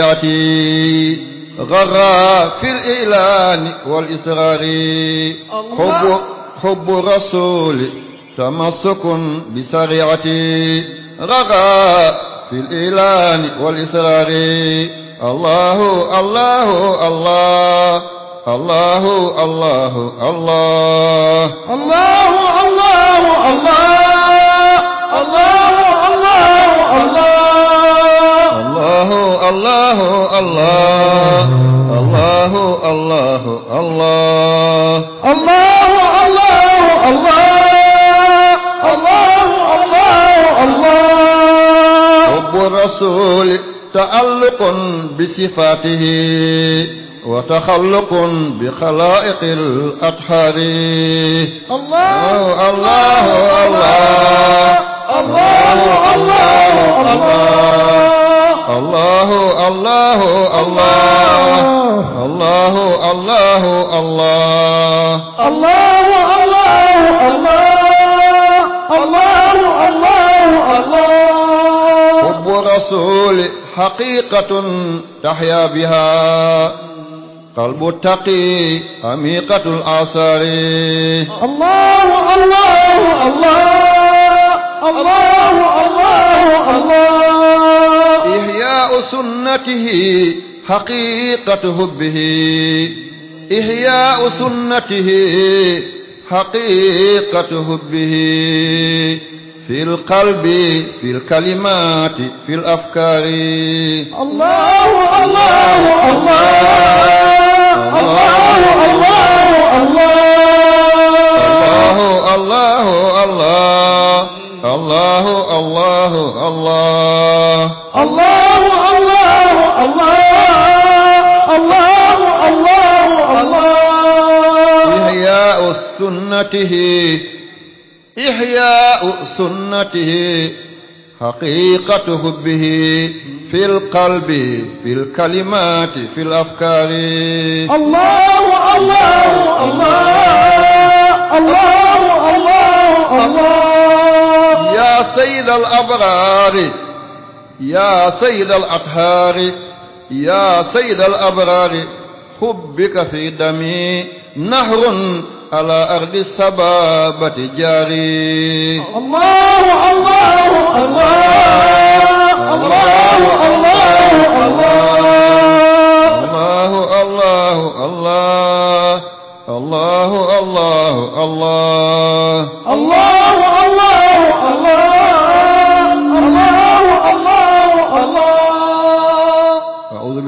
غرى في الإعلان والإسرار حب حب رسول تمسك بشريعتي غرى في الإعلان والإسرار الله الله الله الله الله الله الله الله الله الله الله الله الله الله الله الله الله الله الله الله حب الرسول تعلق بصفاته وتخلق بخلائق الأطهار الله الله الله الله الله الله الله الله الله الله الله الله الله الله الله الله الله الله حب رسول حقيقة تحيا بها قلب التقي عميقة الآثار الله الله الله الله إحياء سنته حقيقة حبه إحياء سنته حقيقة حبه في القلب في الكلمات في الأفكار الله الله الله الله الله الله الله الله الله الله الله الله الله الله الله الله الله إحياء سنته إحياء سنته حقيقة حبه في القلب في الكلمات في الأفكار الله الله الله الله الله الله يا سيد الأبرار يا سيد الأطهار يا سيد الأبرار حبك في دمي نهر على أرض السبابة جاري الله الله الله الله الله الله الله الله الله الله الله الله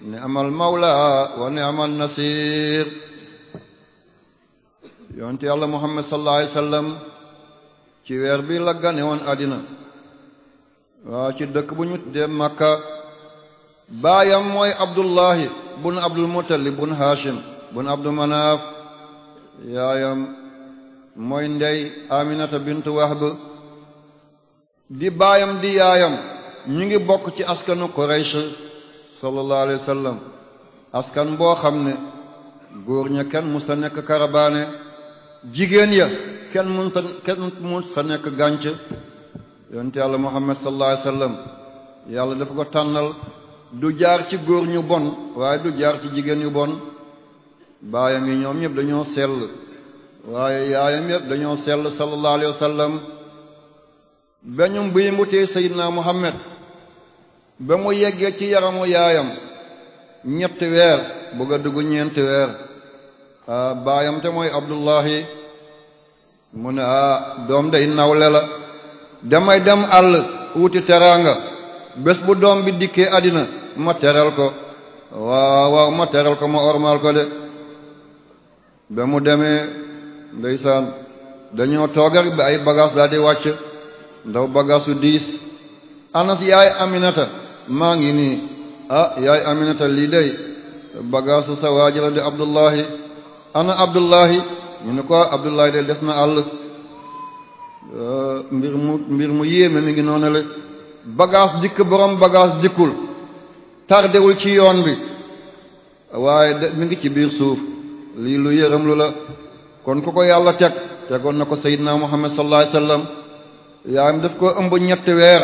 ni'mal mawla wa ni'mal nasir yonent yàlla muhammad sallallahu alayhi wa ci weer bi la gane woon àddina waa ci dëkk bu ñu tuddee makka baayam mooy abdullahi bun abdul muttalib bun hashim bun abdul manaaf yaayam mooy ndey aminata bintu wahb di baayam di yaayam ñu ngi bokk ci askanu quraysh sallallahu alayhi wa sallam askan boo xam ne góor ña kenn mu sa nekk karabaane jigéen ya kenn mun sa nekk gànc yonte yàlla muhammad sallallahu alayhi wa yàlla dafa ko tànnal du jaar ci góor ñu bon waaye du jaar ci jigéen ñu bon baayam yi ñoom ñëpp dañoo sell waaye yaayam yëpp dañoo sell sallallahu alayhi wa sallam beñum bii mu tey sayyidina muhammad ba mu yeggee ci yaramu yaayam ñetti weer bëgg a dugg ñeenti baayam te mooy abdullahi mu ne a doom day nawle la damay dem àll wuti teraanga bés bu doom bi dikkee àddina ma teral ko waaw waaw ma teral ko ma ormal ko de ba mu demee ndeysaan dañoo toogar bi ay bagaas daal di wàcc ndaw bagaasu diis anas yaay aminata maa ngi nii ah yaay Aminata lii day bagaasu sa waajala di Abdullahi ana Abdullahi ñu ne ko Abdullahi de des na àll ah, mbir mu mbir mu yéeme mi ngi noonu le bagage dikk borom bagage dikkul tardewul ci yoon bi waaye de mi ngi ci biir suuf lii lu yërëm lu la kon ku ko yàlla teg tegoon na ko Seydina Muhammad sallallahu alayhi wasallam yaayam daf ko ëmb ñetti weer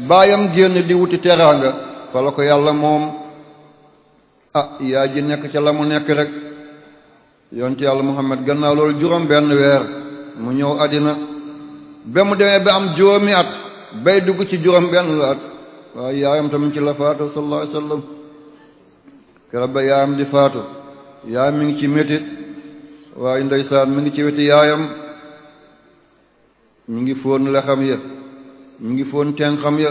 baayam génn di wuti teraanga fa la ko yàlla moom ah yaay ji nekk ca la nekk rek yonte yàlla muhammad gannaaw loolu juróom benn weer mu ñëw àddina ba mu demee ba am juróomi at bay dugg ci juróom benn la at waaye yaayam tamit ci la faatu sallallahu alayhi wasallam kera ba yaayam di faatu yaayam mi ngi ci métit waaye ndeysaan mi ngi ci weti yaayam mi ngi fóon la xam ya mi ngi foon tenxam ya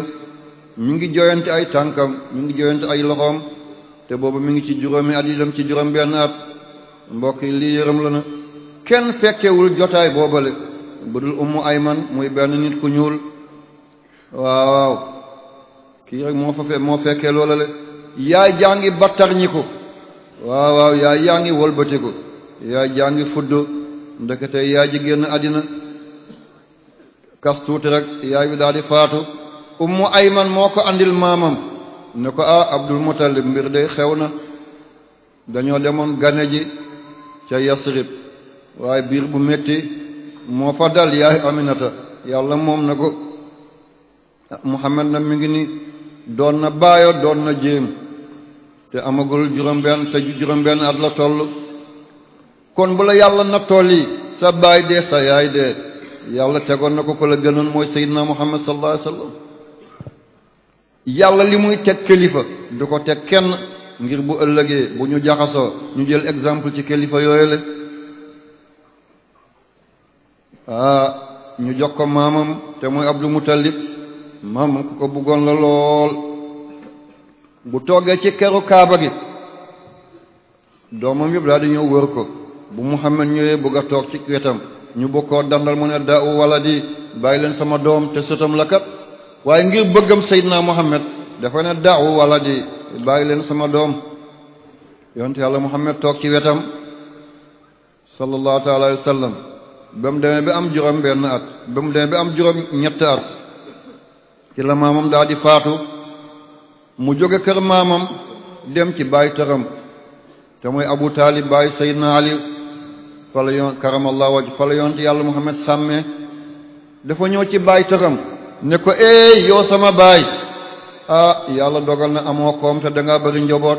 ñu ngi joyante ay tànkam ñu ngi joyante ay loxoom te boobu mi ngi ci juróomi at yi dem ci juróom benn at mbokk yi lii yërëm la na kenn fekkewul jotaay boobale bu dul ay man muy benn nit ku ñuul waaw kii rek moo fa fe moo fekkee loolale yaay jaa ngi battar ñi ko waaw waaw yaay yaa ngi wëlbatiku yaay jaa ngi fudd ndekete yaay ji génn àddina kas tuuti rek yaay bi daal di faatu ummu ayman moo ko andil maamam ne ko ah abdul mutalib mbir de xew na dañoo demoon gane ji ca yasrib waaye biir bu metti moo fa dal yaay aminata yàlla moom na ko muhammad na mi ngi ni doon na baayo doon na jéem te amagul juróom te juróom-benn at kon bu la yàlla na tolli sa baay dee sa yaay dee yàlla tegoon na ko ko la gënoon mooy seydina muhammad sallallahu alayhi wa yàlla li muy teg kilifa du ko teg kenn ngir bu ëllëgee bu ñu jaxasoo ñu jël exemple ci kilifa yooyu la ah ñu jox ko maamam te mooy abdul mutallib maamam ku ko bëggoon la lool bu toggee ci keru kaaba gi doomam yëpp daal di ñëw wër ko bu muhammad ñëwee bëgg a toog ci wetam ñu bokkoo dandal mu ne daa u wala di bàyyi leen sama doom te sëtam la waaye ngir bëggam Seydina Muhammad dafa ne daa u wala di bàyyi leen sama doom yonte yàlla Muhammad toog ci wetam sallallahu taala alayhi wa sallam ba am juróom benn at ba mu demee am juróom ñett at ci la maamam daal di faatu mu jóge kër maamam dem ci baay tëram te mooy Abu Taalib baay Seydina Ali fa la yoon karamallahu waj fa la yàlla Muhammad sàmmee dafa ñëw ci baay tëram ne ko eey yow sama baay a ah, yàlla dogal na amoo koom te da ngaa bëri njaboot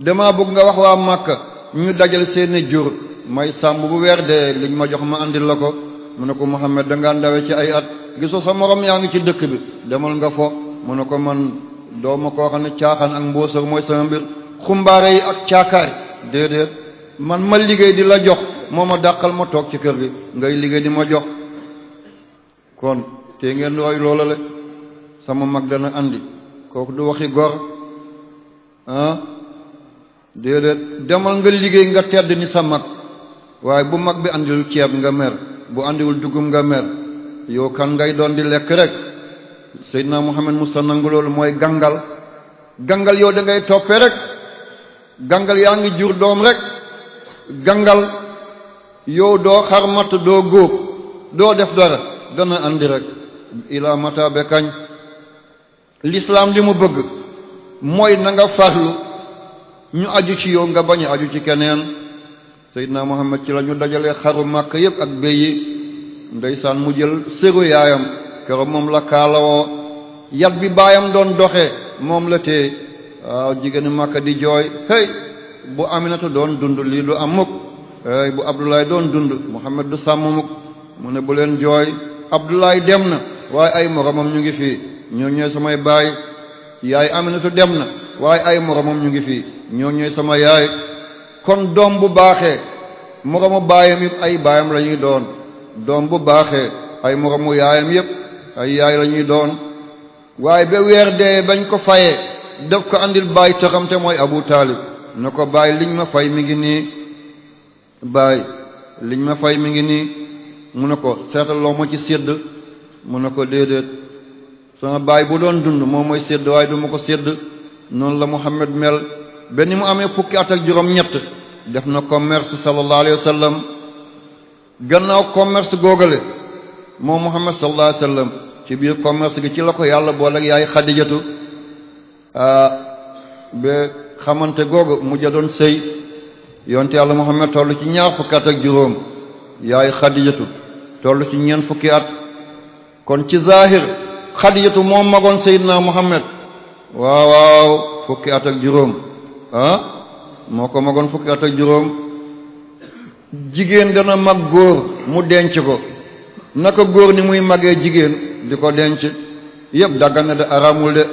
dama bëgg nga wax waa Màkka ñu dajal seeni jur may sàmm bu weer dee liñ ma jox ma andil la ko mu ne ko Muhammad da ndawe ci ay at gisoo sa morom yaa ngi ci dëkk bi demal nga fo mu ne ko man dooma koo xam ne caaxaan ak mbóosër mooy sama mbir xumbaare yi ak caakaay déedéet man ma liggéey di la jox moo ma dàqal ma toog ci kër gi ngay liggéey di ma jox kon te ngeen roy loola le sama mag dana andi kooku di waxi gor ah déedéet demal nga liggéey nga tedd ni sa mag waaye bu mag bi andiwul ceeb nga mer bu andiwul dugub nga mer yow kan ngay doon di lekk rek Seydina Muhammad Musa nangu loolu mooy gàngal gàngal yow da ngay toppe rek gàngal yaa ngi jur doom rek gàngal yow doo xar xarmat doo góob doo def dara dana àndi rek ilaa mata be kañ lislaam li mu bëgg mooy na farlu ñu aju ci yow nga bañ aju ci keneen Seydina Muhammad ci la ñu dajalee xaru makk yëpp ak béy yi ndeysaan mu jël séru yaayam keroog moom la kaalawoo yat bi baayam doon doxee moom la téye waaw jigéeni màkk di jooy hey bu Aminata doon dund lii du am mukk ay bu Abdoulaye doon dund Muhammad du sàmm mukk mu ne bu leen jooy Abdoulaye dem na waaye ay moromam ñu ngi fii ñoo ñooy samay baay yaay tu dem na waaye ay moromam ñu ngi fi ñoo ñooy sama yaay kon doom bu baaxee moromu baayam yëpp ay baayam lañuy doon doom bu baaxee ay moromu yaayam yëpp ay yaay la ñuy doon waaye ba weer dee bañ ko fayee daf ko andil baay taxam te mooy Abu Taalib na ko bàyyi liñ ma fay mi ngi nii baay liñ ma fay mi ngi nii mu ne ko seetal loo ma ci sedd mu ne ko déedéet sama baay bu doon dund moom mooy sedd waaye du ma ko sedd noonu la Muhammad mel ba ni mu amee fukki at ak juróom ñett def na commerce sallallahu alayhi wa sallam gannaaw commerce googale moom Muhammad sallallahu alayhi wa sallam ci biir commerce gi ci la ko yàlla boole ak yaay Xadijatu ah, ba xamante googu mujj doon sey yonte yàlla Muhammad toll ci ñaar fukki at ak juróom yaay xadijatu toll ci ñeent fukki at kon ci zahir xadijatu moom magoon Seydina Muhammad waaw waaw fukki at ak juróom ah moo ko magoon fukki at ak juróom jigéen dana mag góor mu denc ko naka góor ni muy magee jigéen di ko denc yépp daggan na de aramul de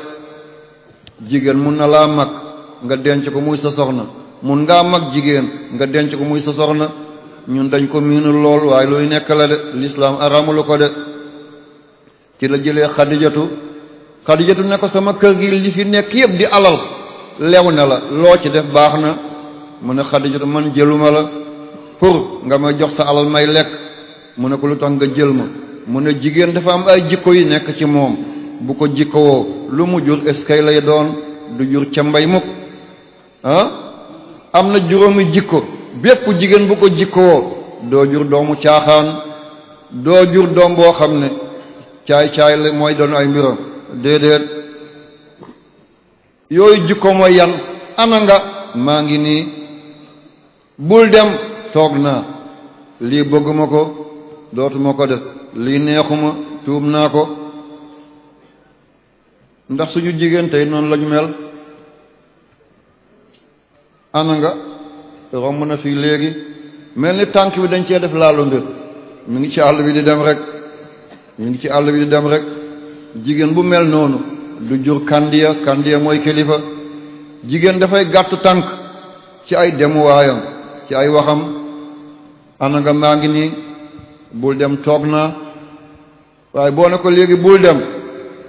jigéen mun na laa mag nga denc ko muy sa mun ngaa mag jigéen nga denc ko muy sa soxna ñun dañ ko miinu lool waaye luy nekk la de lislaam aramulu ko de ci la jëlee xadijatu xadijatu ne ko sama kër gi li nekk yëpp di alal lew na la loo ci def baax na mu ne xadijatu man jëluma la pour nga may jox sa alal may lekk mun ne ko lu tax nga jël ma mu ne jigéen dafa am ay jikko yu nekk ci moom bu ko jikkowoo lu mu jur eskay lay doon du jur ca mbay mukk ah am na juróomi jikko bépp jigéen bu ko jikkoo doo doomu caaxaan doo jur doom boo xam ne caay-caay la mooy doon ay mbiro déedéet yooyu jikko mooy yan ana maa ngi nii bul dem toog na lii bëgguma ko dootuma ko def lii neexuma tuub naa ko ndax suñu jigéen tey noonu lañu mel ana nga romb na fii léegi mel ni tànk bi dañ cee def laalu mbir mu ngi ci àll bi di dem rek mi ngi ci àll bi dem rek jigéen bu mel noonu du jur kandiya kandiya mooy kilifa jigéen dafay gàtt tànk ci ay demuwaayam ci ay waxam ana nga maa ngi nii bul dem toog na waaye boo ne ko léegi bul dem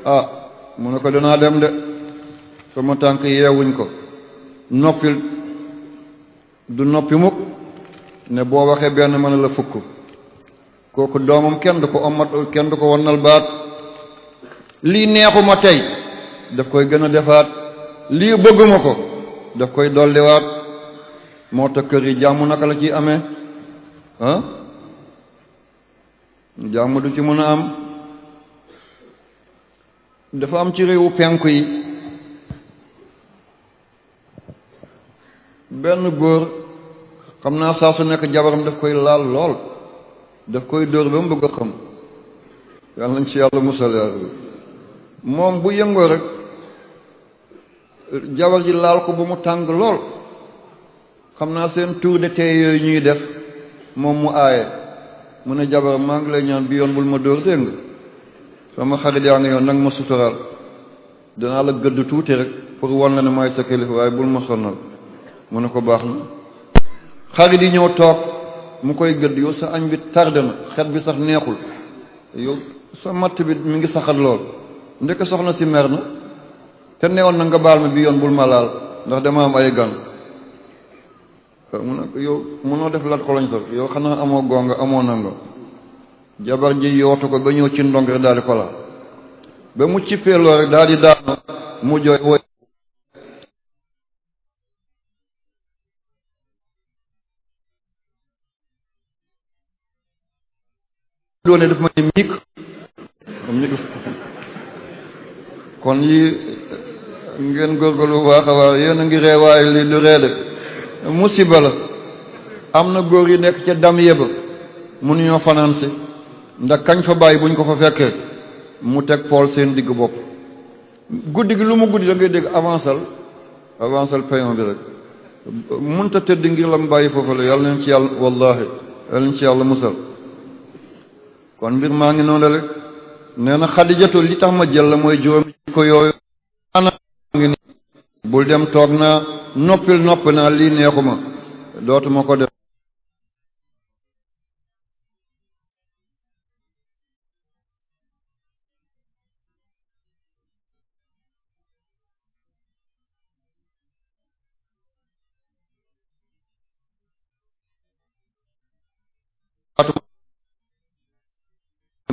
a ah, mu ne ko danaa dem de sama tànk yeewuñ ko noppil du noppi mukk ne boo waxee benn mën a la fukk kooku doomam kenn du ko ommat kenn du ko wannal baat lii neexuma tey daf koy gën a defaat lii bëgguma ko daf koy dolliwaat moo tax kër yi jàmm naka la ciy amee ah jàmm du ci mën a am dafa am ci réewu penku yi benn góor xam naa saa su nekk jabaram daf koy laal lool daf koy dóor ba mu bëgg a xam yàlla nañ ci yàlla musalaar moom bu yëngoo rek jabar ji laal ko ba mu tàng lool xam naa seen tour de tey yooyu ñuy def moom mu aaye mu ne jabaram maa ngi lay ñaan bi yoon bul ma dóor dégg nga sama xarit yaa ngi yoon nag ma suturaal danaa la gëdd tuuti rek pour wan la ne maay sa kilifa waaye bul ma sonal mu ne ko baax na xarit yi ñëw toog mu koy gëdd yow sa añ bi tardé na xet bi sax neexul yow sa matt bi mi ngi saxat lool ndeke soxna si mer na te neewoon na nga baal ma bi yoon bul ma laal ndax dem am ay gan mun ne ko yow mënoo def lat koloñ sol yow xanaa amoo gonga amoo nanga jabar ji yootu ko ba ñëw ci ndong rek daal di ko laal ba mu cippee lool rek daal di daana mu jooy woy loo ne daf ma ne miig kon yi ngeen góorgóorlu bu baax a baax ngi ree waaye li lu ree de musiba la am na góor yi nekk ca dam yeba mënuñoo fanaan si ndax kañ fa bàyyi buñ ko fa fekkee mu teg pool seen digg bopp guddi gi lu mu guddi da ngay dégg avancal avancal payon bi rek mënta tëdd ngir lam bàyyi foofu la yàlla nañ ci yàlla ci yàlla musal kon mbir maa ngi noonu rek nee na xadijatu li tax ma jël la mooy juróom ko yooyu ana bul dem toog na noppil nopp naa lii neexuma dootuma ko def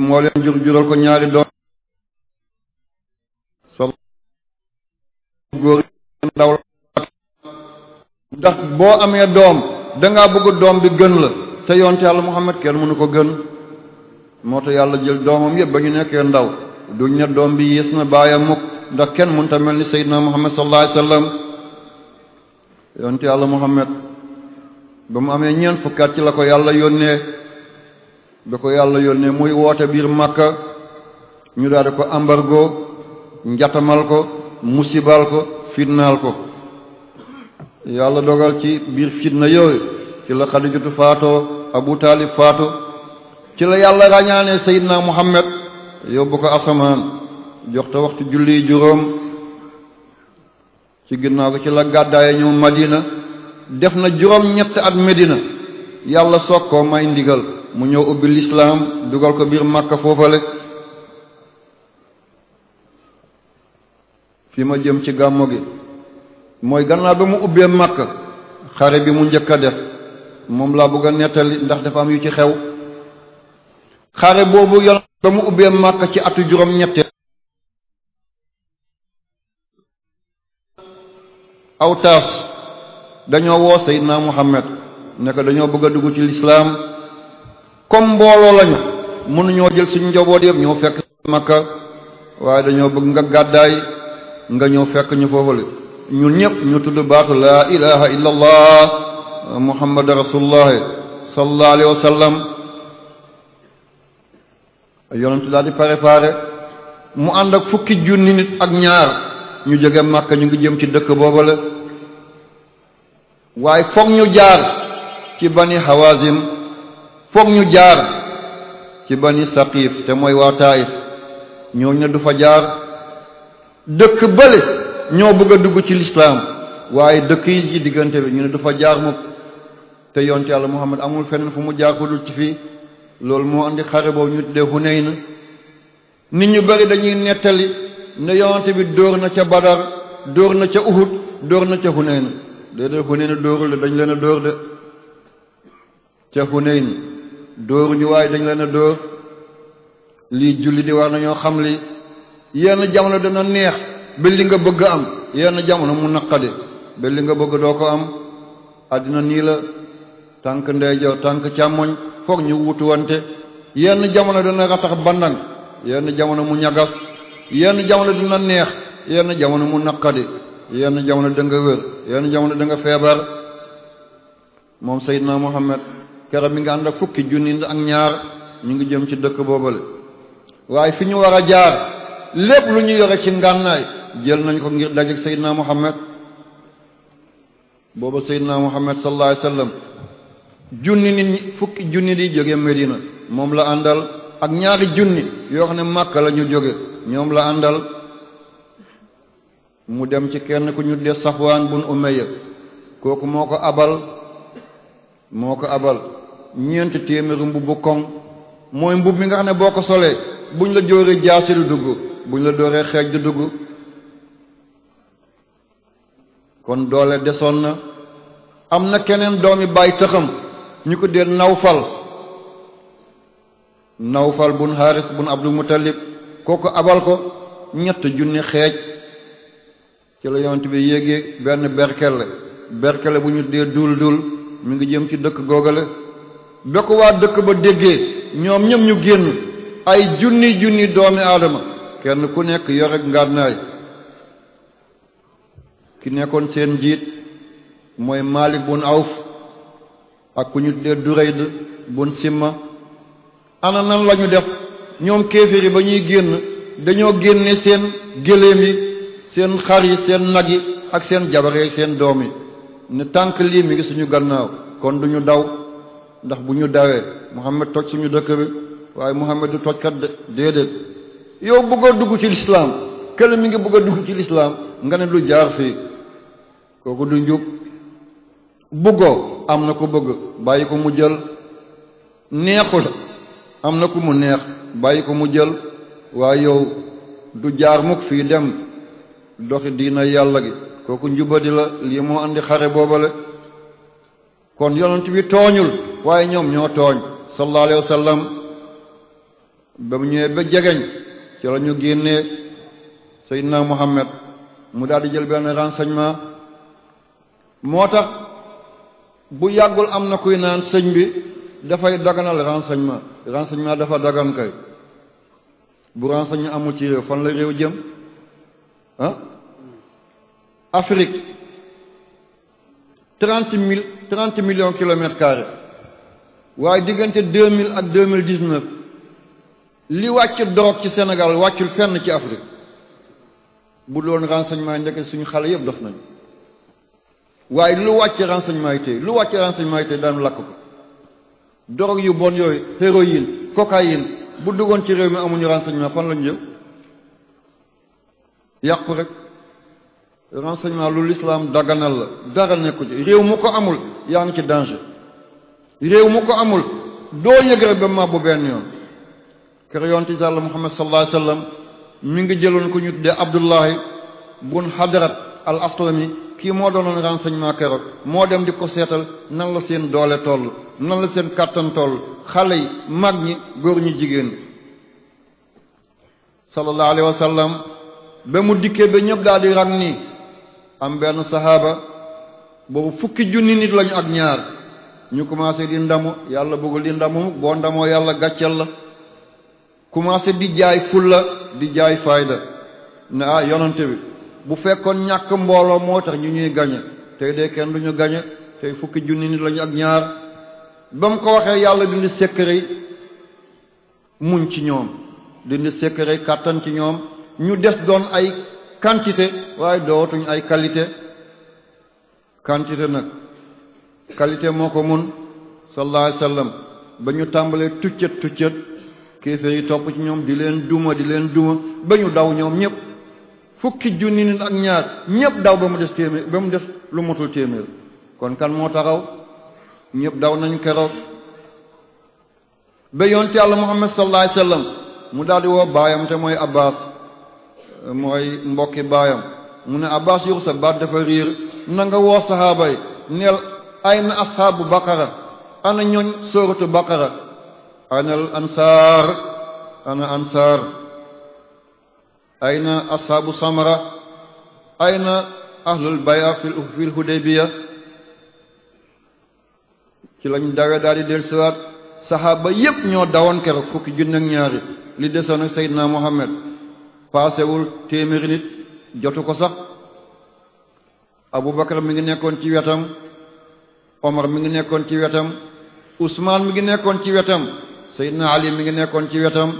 moo leen jural ko ñaari doom ndax boo amee doom dangaa bëgg doom bi gën la te yonte yàlla Muhammad kenn mënu ko gën moo tax yàlla jël doomam yëpp ba ñu nekkee ndaw duñ ne doom bi yées na baayam mukk ndax kenn mënut mel ni Seydina Muhammad sallallahu alayhi yonte yàlla Muhammad ba mu amee ñeent fukkaat ci la ko yàlla yónnee da yàlla yàlla yónnee muy woote biir Makka ñu daal ko embargo njatamal ko musibal ko fitnaal ko yàlla dogal ci biir fitna yooyu ci la Xadijatu faatoo Abu Taalib faatu ci la yàlla ràññaanee Seydina Muhammad yóbbu ko asamaan jox te waxtu julli juróom ci ginnaaw ko ci la gàddaaye ñëw Madina def na juróom ñett at Medina yàlla soog koo may ndigal mu ñëw ubbi lislaam dugal ko biir màkka foofale fi ma jëm ci gàmmo gi mooy gannaaw ba mu ubbee màkk xare bi mu njëkk a def moom laa bëgg a nettali ndax dafa am yu ci xew xare boobu yoon ba mu ubbee màkk ci atu juróom ñette aw taas dañoo woo Seydina Muhammad ne ko dañoo bëgg a dugg ci lislaam comme mbooloo lañu mënuñoo jël suñu njaboot yëpp ñoo fekk makka waaye dañoo bëgg nga gàddaay nga ñëw fekk ñu foofale ñun ñëpp ñu tudd baatu laa ilaha illa allah muhammad rasulullah sallallahu alayhi wa sallam yonentu daal di préparé mu ànd ak fukki junni nit ak ñaar ñu jóge makka ñu ngi jëm ci dëkk boobale waaye foog ñu jaar ci bani hawazim foog ñu jaar ci bani saqif te mooy waa taif ñooñu ne du fa jaar dëkk bële ñoo bëgg a dugg ci lislaam waaye dëkk yi ci diggante bi ñu ne du fa jaar mukk te yonte yàlla muhammad amul feneen fu mu jaar ko dul ci fii loolu moo andi xare boobu ñu tuddee Hunayn nit ñu bari dañuy nettali ne yonte bi dóor na ca Badar dóor na ca Uhud dóor na ca Hunayn déedéet Hunayn dóorul de dañ leen a dóor de ca Hunayn dóoruñu waaye dañ leen a dóor lii julli di war nañoo xam li yenn jamono dana neex ba li nga bëgg am yenn jamono mu naqadi ba li nga bëgg doo ko am àddina nii la tànk ndeyjoor tànk càmmoñ foog ñu wutuwante yenn jamono dana ratax bandan yenn jamono mu ñagas yenn jamono na neex yenn jamono mu naqadi yenn jamono da nga wér yenn jamono da nga feebar moom Seydina Muhammad kero bi nga ànd ak fukki junni ak ñaar ñu ngi jëm ci dëkk boobale waaye fi ñu war a jaar lépp lu ñu yore ci ngànnaay jël nañ ko ngir dajeek Seydina Muhammad booba Seydina Muhammad sallallahu alayhi wasallam junni nit fukki junni di jóge Medina moom la àndal ak ñaari junni yoo xam ne Màkka la ñu jóge ñoom la àndal mu dem ci kenn ku ñu dee Safwaan bun Umayya kooku moo ko abal moo ko abal ñeenti téeméeri mbubbu koŋ mooy mbubb mi nga xam ne boo ko solee buñ la jóoree jaasi du dugg buñ la dooree xeej du dugg kon doole desoon na am na keneen doomi bàyyi taxam ñu ko dee nawfal nawfal bun haris bun abdul muttalib kooku abal ko ñett junni xeej ci la yonent bi yéegee benn berkele berkele bu ñu dee dul dul mu ngi jëm ci dëkk googale ba ko waa dëkk ba déggee ñoom ñoom ñu génn ay junni junni doomi aadama kenn ku nekk yore ngànnaay ki nekkoon seen njiit mooy Malik bun Awf ak ku ñu tuddee Durayd bun Simma ana nan lañu def ñoom kéeféri ba ñuy génn dañoo génne seen géléem yi seen xar yi seen nag yi ak seen jabar yi seen doom yi ne tànk lii mi ngi suñu gannaaw kon duñu daw ndax bu ñu dawee Muhammad toj suñu dëkk bi waaye Muhammad du toj yow bëgg dugg ci lislaam kële mi ngi bëgg a dugg ci lislaam nga ne du jaar fii kooku du njub bëggoo am na ko bëgg bàyyi ko mu jël neexul am na ku mu neex bàyyi ko mu jël waaye yow du jaar mukk fii dem doxi diina yàlla gi kooku njubadi la lii moo andi xare boobale kon yonent bi tooñul waaye ñoom ñoo tooñ sallallahu alayhi wa ba mu ñëwee ba jegeñ ci la ñu génnee na Muhammad mu daal di jël benn renseignement moo tax bu yàggul am na kuy naan sëñ bi dafay daganal renseignement renseignement dafa dagan kay bu renseignement amul ci réew fan la réew jëm ah Afrique trente mille trente millions waaye diggante deux mille ak deux mille dix-neuf li wàcc drogue ci Sénégal wàccul fenn ci Afrique bu doon renseignement yi ndeke suñu xale yëpp dox nañu waaye lu wàcc renseignement yi lu wàcc renseignement yi tey daan lakk ko drogue yu bon yooyu héroïne cocaïne bu duggoon ci réew mi amuñu renseignement fan lañu jëm yàqu rek renseignement lu l'islam daganal la dara nekku ci réew mu ko amul yaa ngi ci danger réew mu ko amul doo yëg rek ba màbbu benn yoon kër yonte yàlla muhammad sallallahu alayhi wa mi ngi jëloon ko ñu tuddee abdullahi bun hadrat al aslami kii moo doonoon renseignement keroog moo dem di ko seetal nan la seen doole toll nan la seen kàttan toll xale yi mag ñi góor ñi jigéen sallallahu alayhi wa sallam mu dikkee ba ñëpp daal di rang nii am benn sahaaba boobu fukki junni nit lañu ak ñaar ñu commencé di ndamu yàlla bëggul di ndamu boo ndamoo yàlla gàcceel la commencé di jaay fulla di jaay fayda ne ah yonante bi bu fekkoon ñàkk mbooloo moo tax ñu ñuy gañe tey de kenn duñu ñu gañe tey fukki junni nit lañu ak ñaar bam ko waxee yàlla dindi sekkëre muñ ci ñoom dindi sekkëre kàttan ci ñoom ñu des doon ay quantité waaye dootuñ ay qualité quantité nag qualité moo ko mun sallallahu selam ba ñu tàmbalee tuccët tuccët kéeféer yi topp ci ñoom di leen duma di leen duma ba ñu daw ñoom ñëpp fukki junni nit ak ñaar ñëpp daw ba mu des téeméer ba mu des lu motul téeméer kon kan moo taxaw ñëpp daw nañu keroog ba yoon ci yàlla muhammad sallallahu alayhi wasallam mu daldi woo baayam te mooy abbas mooy mbokki baayam mu ne abbas yow sa baat dafa riir na nga woo saxaaba yi ayna ashaabu baqara ana ñooñ sóoratu baqara ana al ansaar ana ansaar ayna ashaabu samra ayna ahlul baya fi l ci lañ dawe daal di dellusiwaat saxaaba yépp ñoo dawoon keroog fukki junni ñaari li desoon ak Seydina Muhammad paasewul téeméeri jotu ko sax Abubakar mi ngi nekkoon ci wetam Omar mi ngi nekkoon ci wetam Ousmane mi ngi nekkoon ci wetam Seydina Ali mi ngi nekkoon ci wetam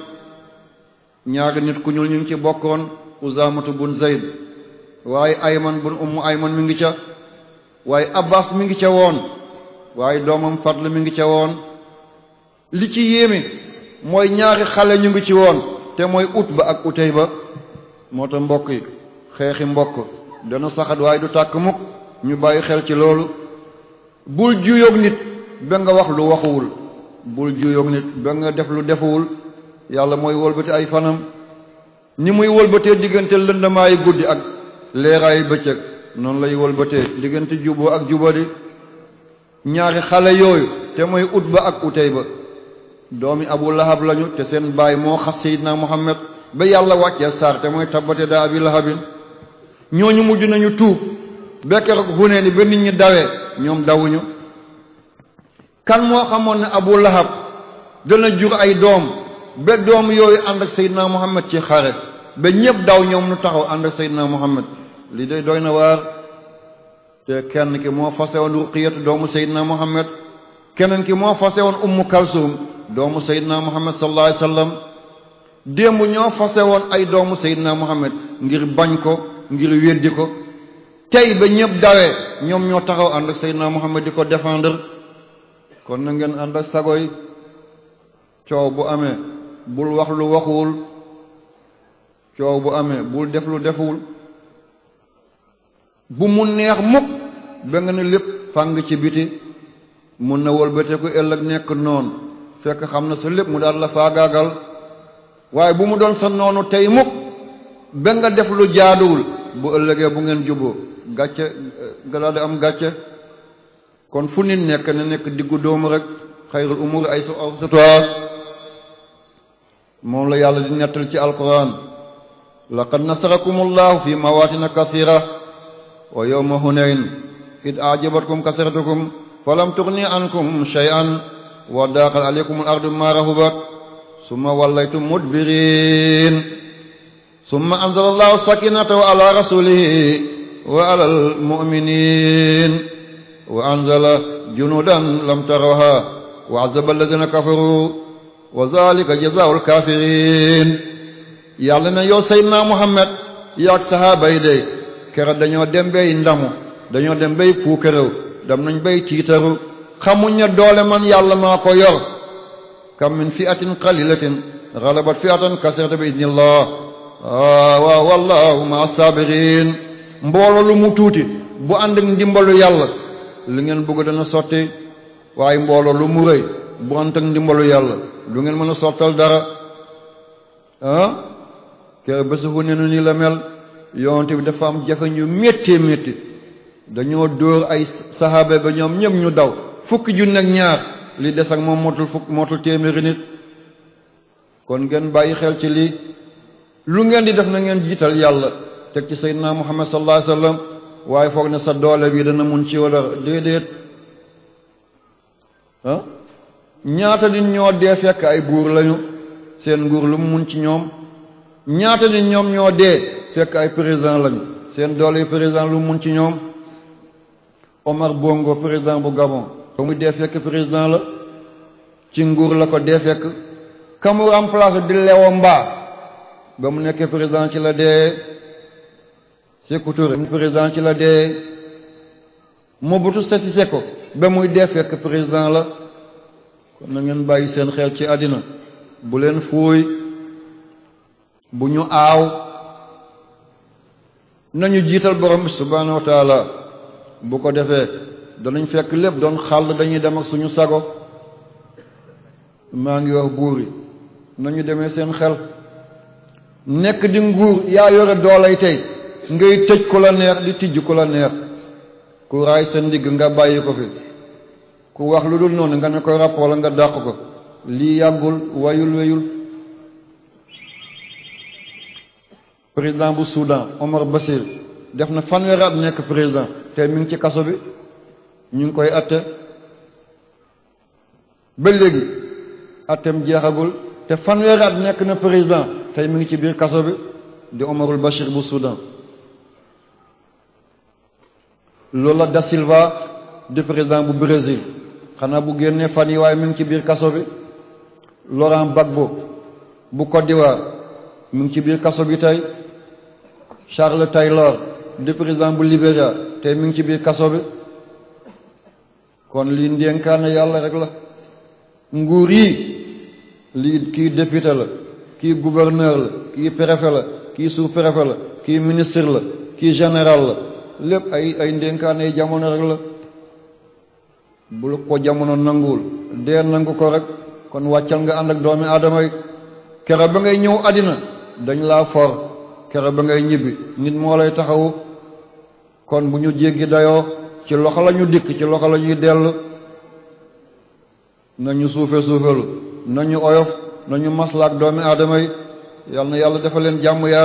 ñaari nit ku ñuul ñu ngi ci bokkoon Usaamatu bun Zayd waaye Ayman bun Ummu Ayman mi ngi ca waaye Abbas mi ngi ca woon waaye doomam Fadl mi ngi ca woon li ci yéeme mooy ñaari xale ñu ngi ci woon te mooy Utba ak Utayba moo tax mbokk yi xeexi mbokk dana saxat waaye du tàkk mukk ñu bàyyi xel ci loolu bul juyoog nit ba nga wax lu waxuwul nga def lu defuwul yàlla mooy wëlbate ay fanam ni muy wëlbatee diggante lëndamaayu guddi ak leeraayu bëccëg noonu lay wëlbatee diggante juboo ak jubadi ñaari xale yooyu te mooy Utba ak ba doomi Abu Lahab lañu te seen baay moo xas Seydina Muhammad ba yàlla wàccee saar te mooy tabbate daa abi lahabin ñooñu mujj nañu tuub bekkeroog xunee ni ba nit ñi dawee ñoom dawuñu kan moo xamoon ne abu lahab dana jur ay doom ba doom yooyu ànd ak seydina muhammad ci xare ba ñëpp daw ñoom nu taxaw ànd ak seydina muhammad li day doy na waar te kenn ki moo fase woon ruqiyatu doomu seydina muhammad keneen ki moo fase woon ummu kalsum doomu seydina muhammad sallallahu alayhi démb ñoo fase woon ay doomu seydina muhammad ngir bañ ko ngir weddi ko tey ba ñëpp dawee ñoom ñoo taxaw ànd ak Seydina Muhammad di ko défendre kon na ngeen ànd ak sagoy coow bu amee bul wax lu waxuwul coow bu amee bul deflu lu bu mu neex mukk ba nga ne lépp fàng ci biti mun na wëlbateeku ëllëg nekk noonu fekk xam na sa lépp mu daal la faagaagal waaye bu mu doon sa noonu tey mukk ba nga def jaaduwul bu ëllëgee bu ngeen juboo gàcce eh, nga daal di am gàcce kon fu nit nekk na nekk diggu doomu rek xayrul umur ay su aw satuwa moom la yàlla di nettal ci alquran laqad nasarakumullahu fi mawaatina kasira wa yawma hunayn id ajabatkum kasratukum falam tughni ankum shay'an wa daqal alaykum al ardu ma rahubat summa wallaytum mudbirin summa anzalallahu sakinatahu ala rasulihi wa alal mu'miniin wa anzala junuudan lam tarawhaa wa azaba alladiina kafaruu wa zaalika jazaa'ul kaafiriin yàlla na yow Seydina Muhammad yaag saxaaba yi de kera dañoo dem bay ndamu dañoo dem bay puukarew dem nañ bay tiitaru xamuñ ne doole man yàlla maa ko yor kam min fi'atin qalilatin ghalabat fi'atan kasiratan bi idnillah waaw waaw wallaahu ma'a saabiriin mbooloo lu mu tuuti bu ànd ak ndimbalu yàlla li ngeen bëgg dana sotti waaye mbooloo lu mu rëy bu ànd ndimbalu yàlla du ngeen mën a sottal dara ah kër bésufu ne nu ni la mel yonent bi dafa am jafe ñu méttee métti dañoo dóor ay saxaaba ba ñoom ñëpp ñu daw fukki junne ak ñaar li des ak moom mootul fukk mootul téeméeri nit kon ngeen bàyyi xel ci lii lu ngeen di def na ngeen jiital yàlla teg ci sayyidina muhammad sallallahu alayhi wasallam waaye foog na sa doole bi dana mun ci wala déedéet ah ñaata nit ñoo dee fekk ay buur lañu seen nguur lu mu mun ci ñoom ñaata nit ñoom ñoo dee fekk ay président lañu seen doole yi président lu mu mun ci ñoom Omar Bongo président bu Gabon ba muy dee fekk président la ci nguur la ko dee fekk ka mu remplace di Léon Mba ba mu nekkee président ci la dee Sékou Touré mu président ci la dee Mobutu Sese Seko ba muy dee fekk président la kon na ngeen bàyyi seen xel ci àddina bu leen fuuy bu ñu aaw nañu jiital borom bi subhaanahu wa bu ko defee danañ fekk lépp doon xàll dañuy dem ak suñu sago maa ngi wax buur yi nañu demee seen xel nekk di nguur yaa yore doolay tey ngay tëj ku la neex di tijj ku la neex ku raay sa ndigg nga bàyyi ko fi ku wax lu dul noonu nga ne koy ràpp wala nga dàq ko lii yàggul wayul weyul président bu Soudan Omar Bashir def na fanweeri nekk président te mi ngi ci kaso bi ñu ngi koy atte ba léegi attem jeexagul te fanweeri nekk na président tey mi ngi ci biir kaso bi di Omarul Bashir bu Soudan Lula da Silva di président bu Brésil xanaa bu génnee fan yi waaye mi ngi ci biir kaso bi Laurent Gbagbo bu Côte d'Ivoire ngi ci biir kaso bi tey Charles Taylor di président bu Libéria tey mi ngi ci biir kaso bi kon lii ndénkaane yàlla rek la nguur yi lii kii député la kii gouverneur la kii préfet la kii sous-préfet la kii ministre la kii général la lépp ay ay ndénkaane jamono rek la bul ko jamono nanguwul dee nangu ko rek kon wàccal nga ànd ak doomi aadama yi kere ba ngay ñëw àddina dañ laa for kere ba ngay ñibbi nit moo lay taxawu kon bu ñu jéggi dayoo ci loxo la ñu dikk ci loxo la ñuy dellu nañu suufe suufelu nañu oyof nañu maslaak doomi aadama yi yal na yàlla dafa leen jàmm yaa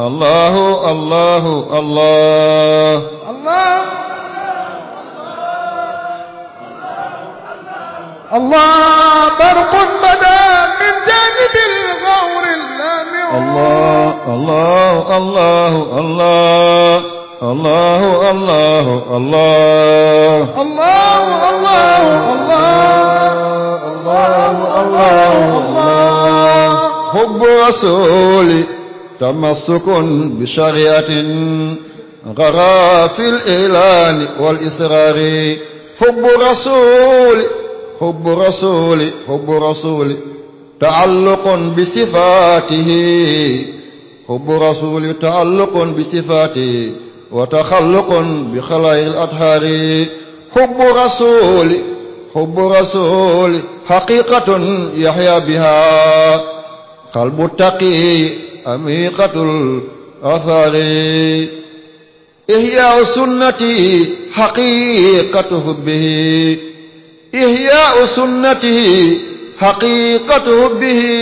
الله الله الله الله الله برق بدا من جانب الغور اللامع الله الله الله الله الله الله الله الله الله الله الله الله حب رسولي tamassukun bi shariatin غرى في الإيلان والإصرار حب رسول حب رسول حب رسول تعلق بصفاته حب رسول تعلق بصفاته وتخلق بخلائق الأطهار حب رسول حب رسول حقيقة يحيا بها قلب التقي amiqatul athari ihyaa sunnati haqiqatu hubbihi ihyaa sunnati haqiqatu hubbihi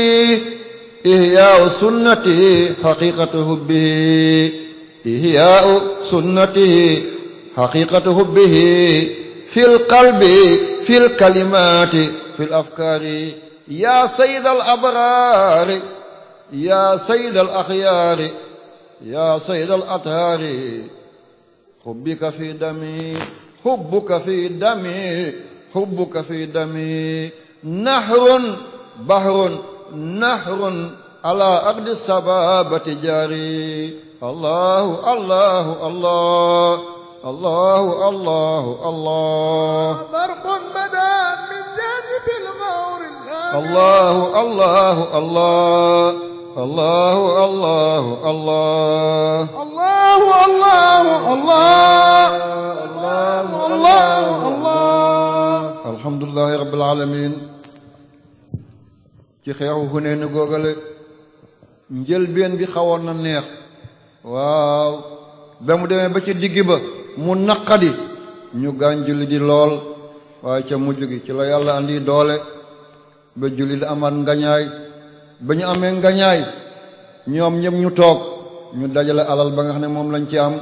ihyaa sunnati haqiqatu hubbihi ihyaa sunnati haqiqatu hubbihi fil qalbi fil kalimaati fil afkaari yaa sayyidal abraari يا سيد الأخيار يا سيد الأطهار حبك في دمي حبك في دمي حبك في دمي نهر بحر نهر على أرض السبابة جاري الله الله الله الله الله الله برق بدا من جانب الغور الله الله الله, الله الله الله الله الله الله الله الله الله الله الحمد لله رب العالمين ci xeexu Hunayn googale njëlbeen bi xawoon na neex waaw ba mu demee ba ci digg ba mu naqadi ñu gaañ julli di lool waaye ca mujj gi ci la yàlla andi doole ba julli di amaat ngañaay ba ñu amee ngañaay ñoom ñëpp ñu toog ñu dajale alal ba nga xam ne moom lañ ci am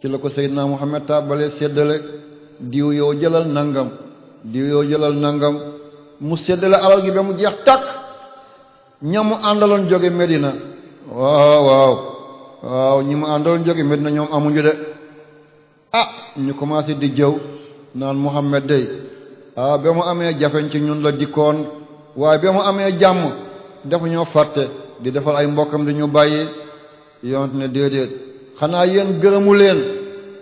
ci la ko na Muhammad tàbbalee seddale diw yow jëlal nangam diw yow jëlal nangam mu seddale alal gi ba mu jeex tàkk ñamu àndaloon jóge Medina waaw waaw ñi mu àndaloon jóge Medina ñoom amuñu de ah ñu commencé di jëw naan Muhammad day ah ba mu amee jafeñ ci ñun la dikkoon waaye ba mu amee jàmm dafa ñoo fàtte di defal ay mbokkam dañu bàyyi yonent ne déedéet xanaa yéen gërëmu leen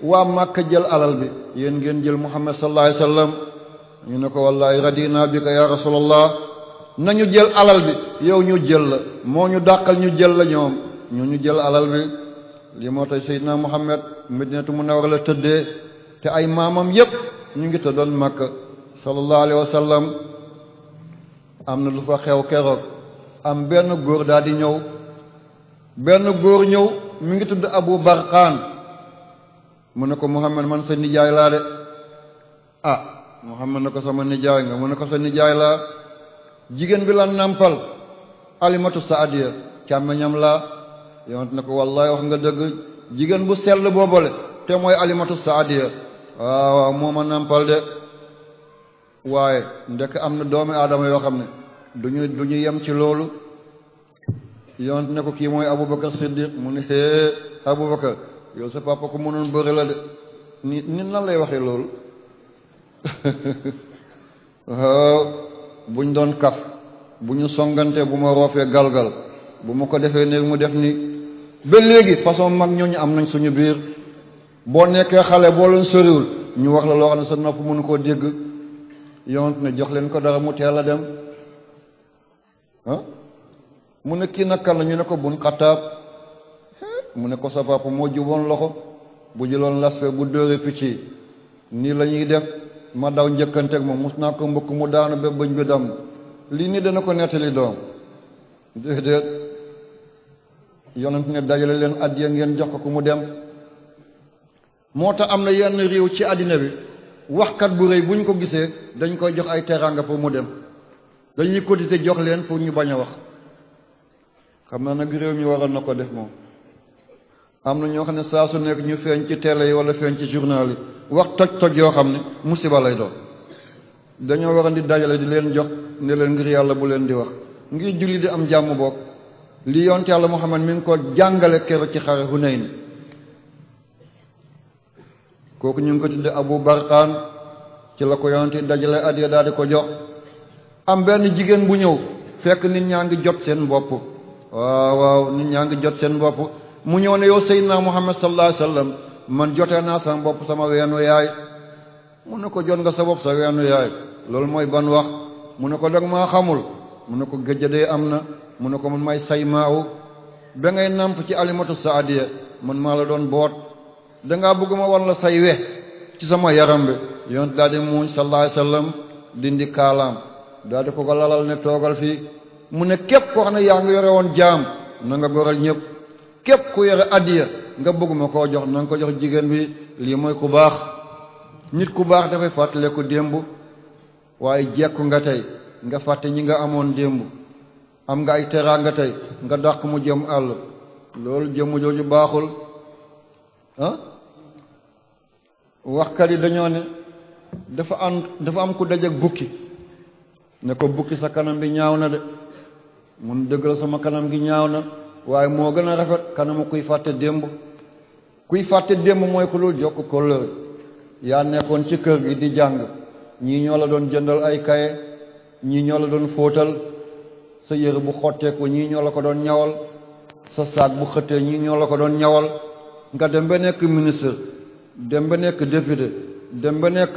waa Màkka jël alal bi yéen ngeen jël Muhammad sallallahu alayhi wasallam ñu ne ko wallahi radina bika ya rasulallah nañu jël alal bi yow ñu jël la moo ñu dàqal ñu jël la ñoom ñu ñu jël alal bi lii moo tax Seydina Muhammad Madinatu Munawwara la tëddee te ay maamam yépp ñu ngi tëddoon Màkka sallallahu alayhi wasallam am na lu fa xew keroog am benn góor daal di ñëw benn góor ñëw mi ngi tudd Abu Barqaan mu ne ko mu Muhammad man sa nijaay laa de ah Muhammad ne ko sama nijaay nga mu ne ko sa nijaay laa jigéen bi la nampal alimatu saadiya càmmeñam laa yonent ne ko wallaay wax nga dëgg jigéen bu sell boobale te mooy alimatu saadiya waaw ah, waaw moo ma nampal de waaye ndekk am na doomi aadama yoo xam ne du ñu yem ci loolu yonent ne ko kii mooy Abubakar Siddiq mu ne hee Abubakar yow sa papa ko mënul bëri la de ni ni lay waxee loolu waaw buñ doon kaf bu ñu songante bu ma roofee galgal bu ma ko defee néeg mu def ni ba léegi façon mag ñooñu am nañ suñu biir boo nekkee xale boo leen soriwul ñu wax la loo xam ne sa nopp mënu koo dégg yonent ne jox leen ko dara mu teel dem ah mu ne kii nag kan la ñu ne ko bun xataab mu ne ko sa papa moo juboon loxo bu jëloon las fe bu dóoree picc yi nii la ñuy def ma daw njëkkanteeg moom mus naa ko mbëkk mu daanu ba bëñ bi dam lii nii dana ko nettali doom déedéet ne dajale leen addiya ngeen jox ko ku mu dem moo tax am na yenn réew ci àddina bi waxkat bu rëy buñ ko gisee dañ koy jox ay teraanga pour mu dem dañuy cotiser jox leen pour ñu bañ a wax xam na nag réew mi waroon na ko def moom am na ñoo xam ne saa su nekk ñu feeñ ci télé yi wala feeñ ci journal yi wax toj-toj yoo xam ne musiba lay doon dañoo waroon di dajale di leen jox ne leen ngir yàlla bu leen di wax ngir julli di am jàmm boog li yonte yàlla Muhammad mi ngi ko jàngale keroog ci xare Hunayn kooku ñu ngi ko tudde Abu Barqaan ci la ko yonte dajale adiya daal di ko jox am benn jigéen bu ñëw fekk nit ñaa jot seen bopp waaw waaw nit ñaa jot seen bopp mu ñëw ne yow Seydina Muhammad sallallahu alayhi wa sallam man jote naa sama bopp sama weenu yaay ko jot nga sa bopp sa loolu mooy ban wax mu ne ko dag maa xamul mu ne ko géjjadee am na mu ne ko man may say maaw ba ngay namp ci alimatu saadiya man maa la doon boot dangaa bëgg ma war la say we ci sama yaram bi yoon daal di muuñ sallallahu alayhi wa sallam dindi daal ko ko lalal ne toogal fi mu ne képp koo xam ne yaa ngi yore woon jaam na nga goral ñëpp képp ku yore addiya nga bëgg ma koo jox nanga ko jox jigéen bi lii mooy ku baax nit ku baax dafay fàttale ko démb waaye jekku nga tey nga fàtte ñi nga amoon démb am nga ay nga tey nga dàq mu jëm àll loolu jëmm jooju baaxul ah waxkat yi dañoo ne dafa am dafa am ku dajeek bukki ne ko bukki sa kanam bi ñaaw na de mun dëgg sama kanam gi ñaaw na waaye moo gën a rafet kanamu kuy fàtte démb kuy fàtte démb mooy ku lul jokk kóllëre yaa nekkoon ci kër gi di jàng ñii ñoo la doon jëndal ay kaye ñii ñoo la doon fóotal sa yére bu xotteeku ñii ñoo la ko doon ñawal sa saag bu xëttee ñii ñoo la ko doon ñawal nga dem ba nekk ministre dem ba nekk député dem ba nekk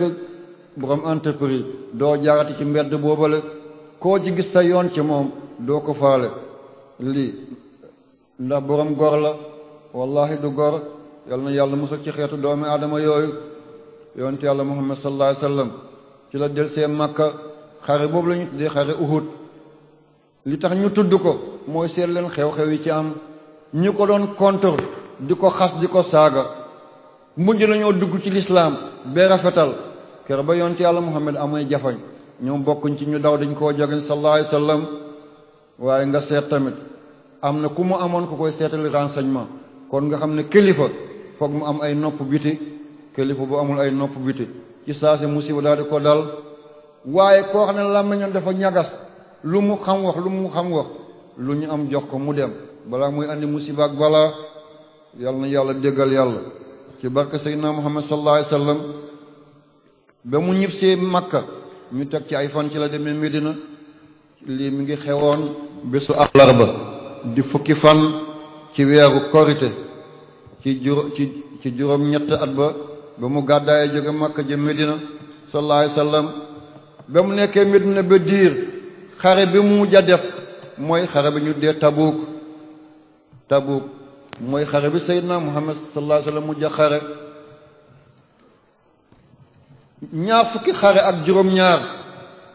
borom entreprise doo jaarati ci mbedd boobale koo ci gis sa yoon ci moom doo ko faale lii ndax borom gor la wallahi du gor yal na yàlla musal ci xeetu doomi aadama yooyu yonte yàlla muhammad sallallahu alayhi wasallam ci la del see màkka xare boobu la ñu tuddee xare uhud li tax ñu tudd ko mooy seet leen xew-xew yi ci am ñu ko doon contre di ko xas di ko saaga mujj nañoo dugg ci lislaam bee rafetal kër ba yonte yàlla Muhammad amee jafañ ñoom bokkuñ ci ñu daw dañ koo jëriñ sallallahu alayhi wa waaye nga seet tamit am na ku mu amoon ku koy seetali renseignement kon nga xam ne kilifa foog mu am ay nopp biti kilifa boo amul ay nopp biti ci saasi musiba daal di ko dal waaye koo xam ne def dafa ñagas lu mu xam wax lu mu xam wax lu ñu am jox ko mu dem balaa muy andi musibaak ak balaa yàlla na yàlla déggal yàlla ci barke Seydina Muhammad sallallahu alayhi ba mu ñib see makka teg ci ay fan ci la demee Medina lii mi ngi xewoon bésu àllarba di fukki fan ci weeru korite ci juróom ñett at ba ba mu gàddaayee jóge makka jëm Medina sallallahu alayhi wasallam ba mu nekkee Medina ba diir xare bi mu mujj a def mooy xare bi ñu dee Tabuuk Tabuuk mooy xare bi Seydina Muhammad sallallahu alayhi mujj a xare ñaar fukki xare ak juróom-ñaar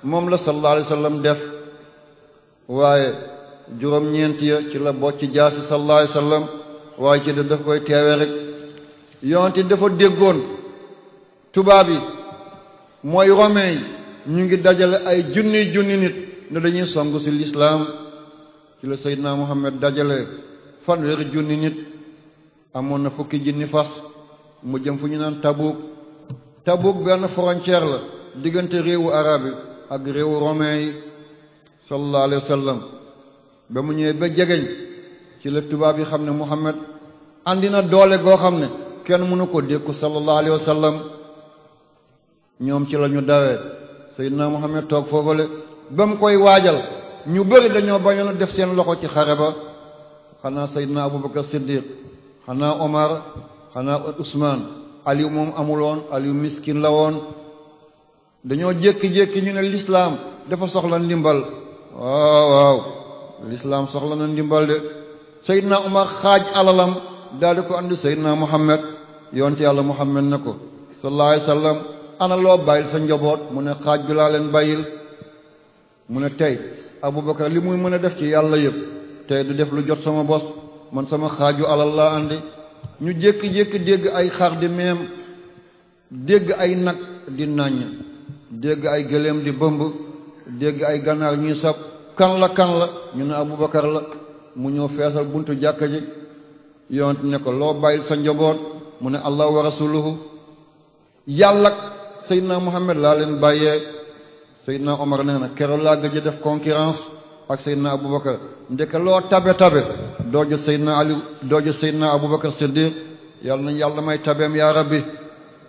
moom la sallallahu alayhi wa sallam def waaye juróom-ñeent ya ci la bocc jaasi sallallahu alayhi wa sallam waaye ci da daf koy teewee rek yonte dafa déggoon tubaab yi mooy romain yi ñu ngi dajale ay junni junni nit ne dañuy songu ci lislaam ci la Seydina Muhammad dajale fanweeri junni nit amoon na fukki junni fas mu jëm fu ñu naan Tabuk Tabouk benn frontière la diggante réewu arabe ak réewu romain yi sallallahu alayhi wa sallam ba mu ñëwee ba jegeñ ci la tubaab yi xam ne Muhammad andi na doole goo xam ne kenn mënu ko dékku sallallahu alayhi wa sallam ñoom ci la ñu dawee Seydina Muhammad toog foofale ba mu koy waajal ñu bëri dañoo bañoon def seen loxo ci xare ba xanaa Seydina Abubakar Siddiq xanaa Omar xanaa Ousmane aliou moom amuloon aliou miskin la woon dañoo jékki-jékki ñu ne lislaam defa soxla ndimbal waaw waaw lislaam soxla na ndimbal de Seydina Umar xaaj alalam daal di ko andi Seydina Muhammad yonte yàlla Muhammad ne ko sallallahu alayhi wasallam ana loo bàyyil sa njaboot mu ne xaaj bi laa leen bàyyil mu ne tey Abubakar li muy mën a def ci yàlla yëpp tey du def lu jot sama bos man sama xaaju alal laa andi ñu jékki-jékki dégg ay xar di meem dégg ay nag di nàññ dégg ay gëléem di bëmb dégg ay ganaar ñuy sab kan la kan la ñu ne Abubakar la mu ñëw feesal buntu jàkka ji yonent ne ko loo bàyyil sa njaboot mu ne allah wa rasuluhu yàlla Seydina Muhammad laa leen bàyyee Seydina Omar nee na keroog laa gëj def concurrence ak Seydina Aboubacar ndeke loo tabe tabe doo jot Seydina Ali doo jot Seydina Aboubacar Siddiq yal nañ yàlla may tabeem yaa rabbi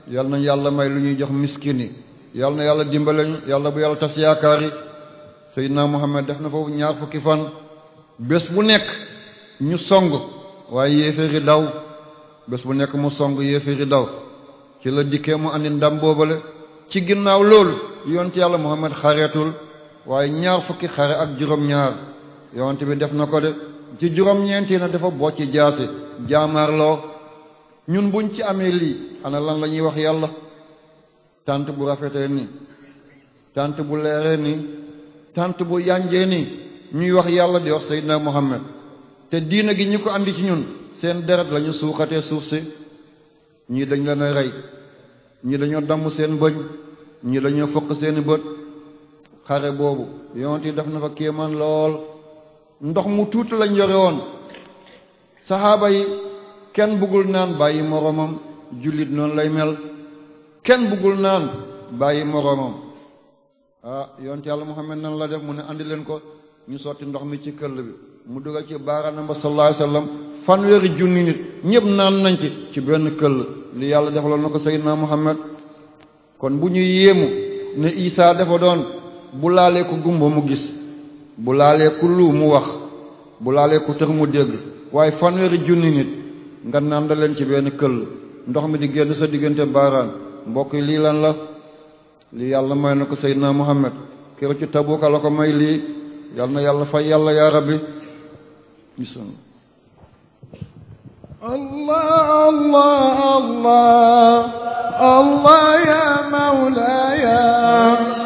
yal nañ yàlla may lu ñuy jox miskin yi yal na yàlla dimbale ñu bu yàlla tas yaakaar yi Seydina Muhammad def na foofu ñaar fukki fan bés bu nekk ñu song waaye yéeféeri daw bés bu nekk mu song yéeféeri daw ci la dikkee mu andi ndam boobale ci ginnaaw loolu yonent yàlla Muhammad xareetul waaye ñaar fukki xare ak juróom-ñaar yonent bi def na ko de ci juróom-ñeenti na dafa bocc jaasi jaamaarloo ñun buñ ci amee lii ana lan la ñuy wax yàlla tànt bu rafetee ni tant bu leeree ni tànt bu yànjee ni ñuy wax yàlla di wax Seydina Muhammad te diina gi ñu ko andi ci ñun seen deret lañu suukatee suuf si ñii dañ leen a rey ñii dañoo damm seen bëñ ñii dañoo fokk seen bët xare boobu yonent yi def na fa kéemaan lool ndox mu tuut lañ yore woon saxaaba yi kenn buggul naan bàyyi moroomam jullit noonu lay mel kenn buggul naan bàyyi moroomam ah yonent yàlla Muhammad nan la def mu ne andi leen ko ñu sotti ndox mi ci këll bi mu dugal ci baaranam ba sallallahu alayhi wasallam fanweeri junni nit ñëpp naan nañ ci ci benn këll li yàlla defaloon na ko Seydina Muhammad kon bu yéemu ne Isa dafa doon bu laalee ko gumba mu gis bu laalee ku lu mu wax bu laalee ku tër mu dégg waaye fanweeri junni nit nga naan da leen ci benn këll ndox mi di génn sa diggante baaraan mbokk yi lii lan la lii yàlla may na ko Seydina Muhammad kiro ci tabuka la ko may lii yal na yàlla fay yàlla yaa rabbi bismillah الله الله الله الله يا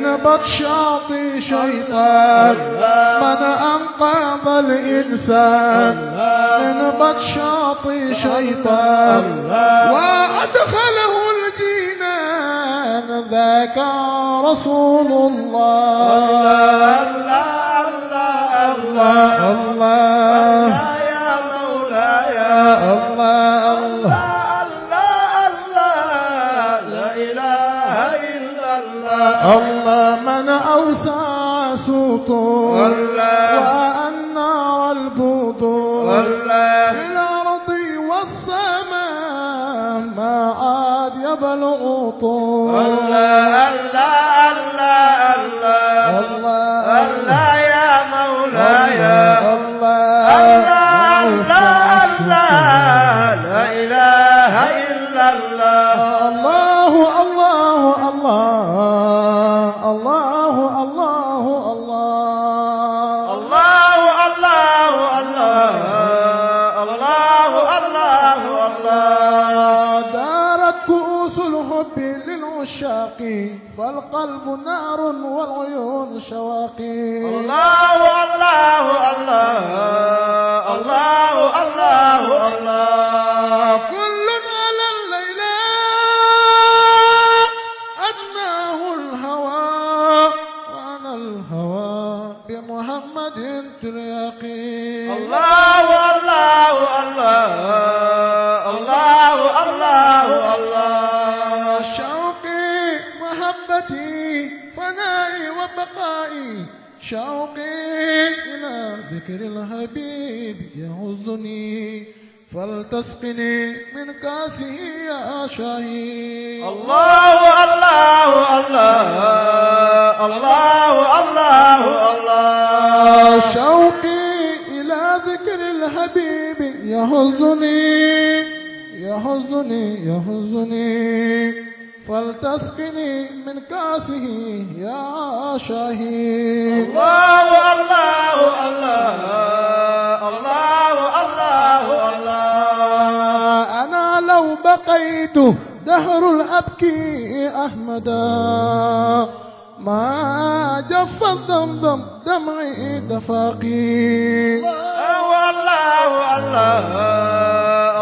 جنبت شاطي شيطان من أنقذ الإنسان جنبت شاطي شيطان وأدخله الجنان ذاك رسول الله الله الله الله الله يا مولاي الله الله الله لا إله إلا الله وما فاسقني من كاسه يا شهيد الله الله الله الله الله الله شوقي إلى ذكر الحبيب يهزني يهزني يهزني فلتسقني من كاسه يا شهيد العيد دهر الأبكي أحمدا ما جف الضمضم دمعي دفاقي الله الله الله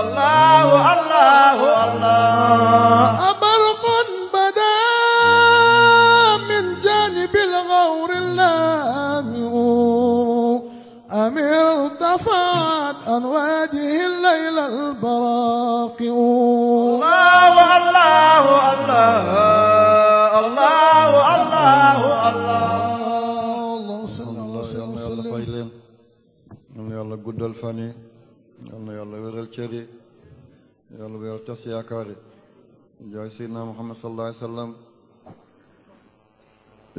الله الله, الله, الله عن واديه الليل البراقع الله الله الله الله الله الله صلى الله عليه وسلم yàlla yàlla guddal fan yi yàlla yàlla wéral cër yi yàlla wéral tas yaakaar yi jaay seydina Muhammad sallallahu alayhi wasallam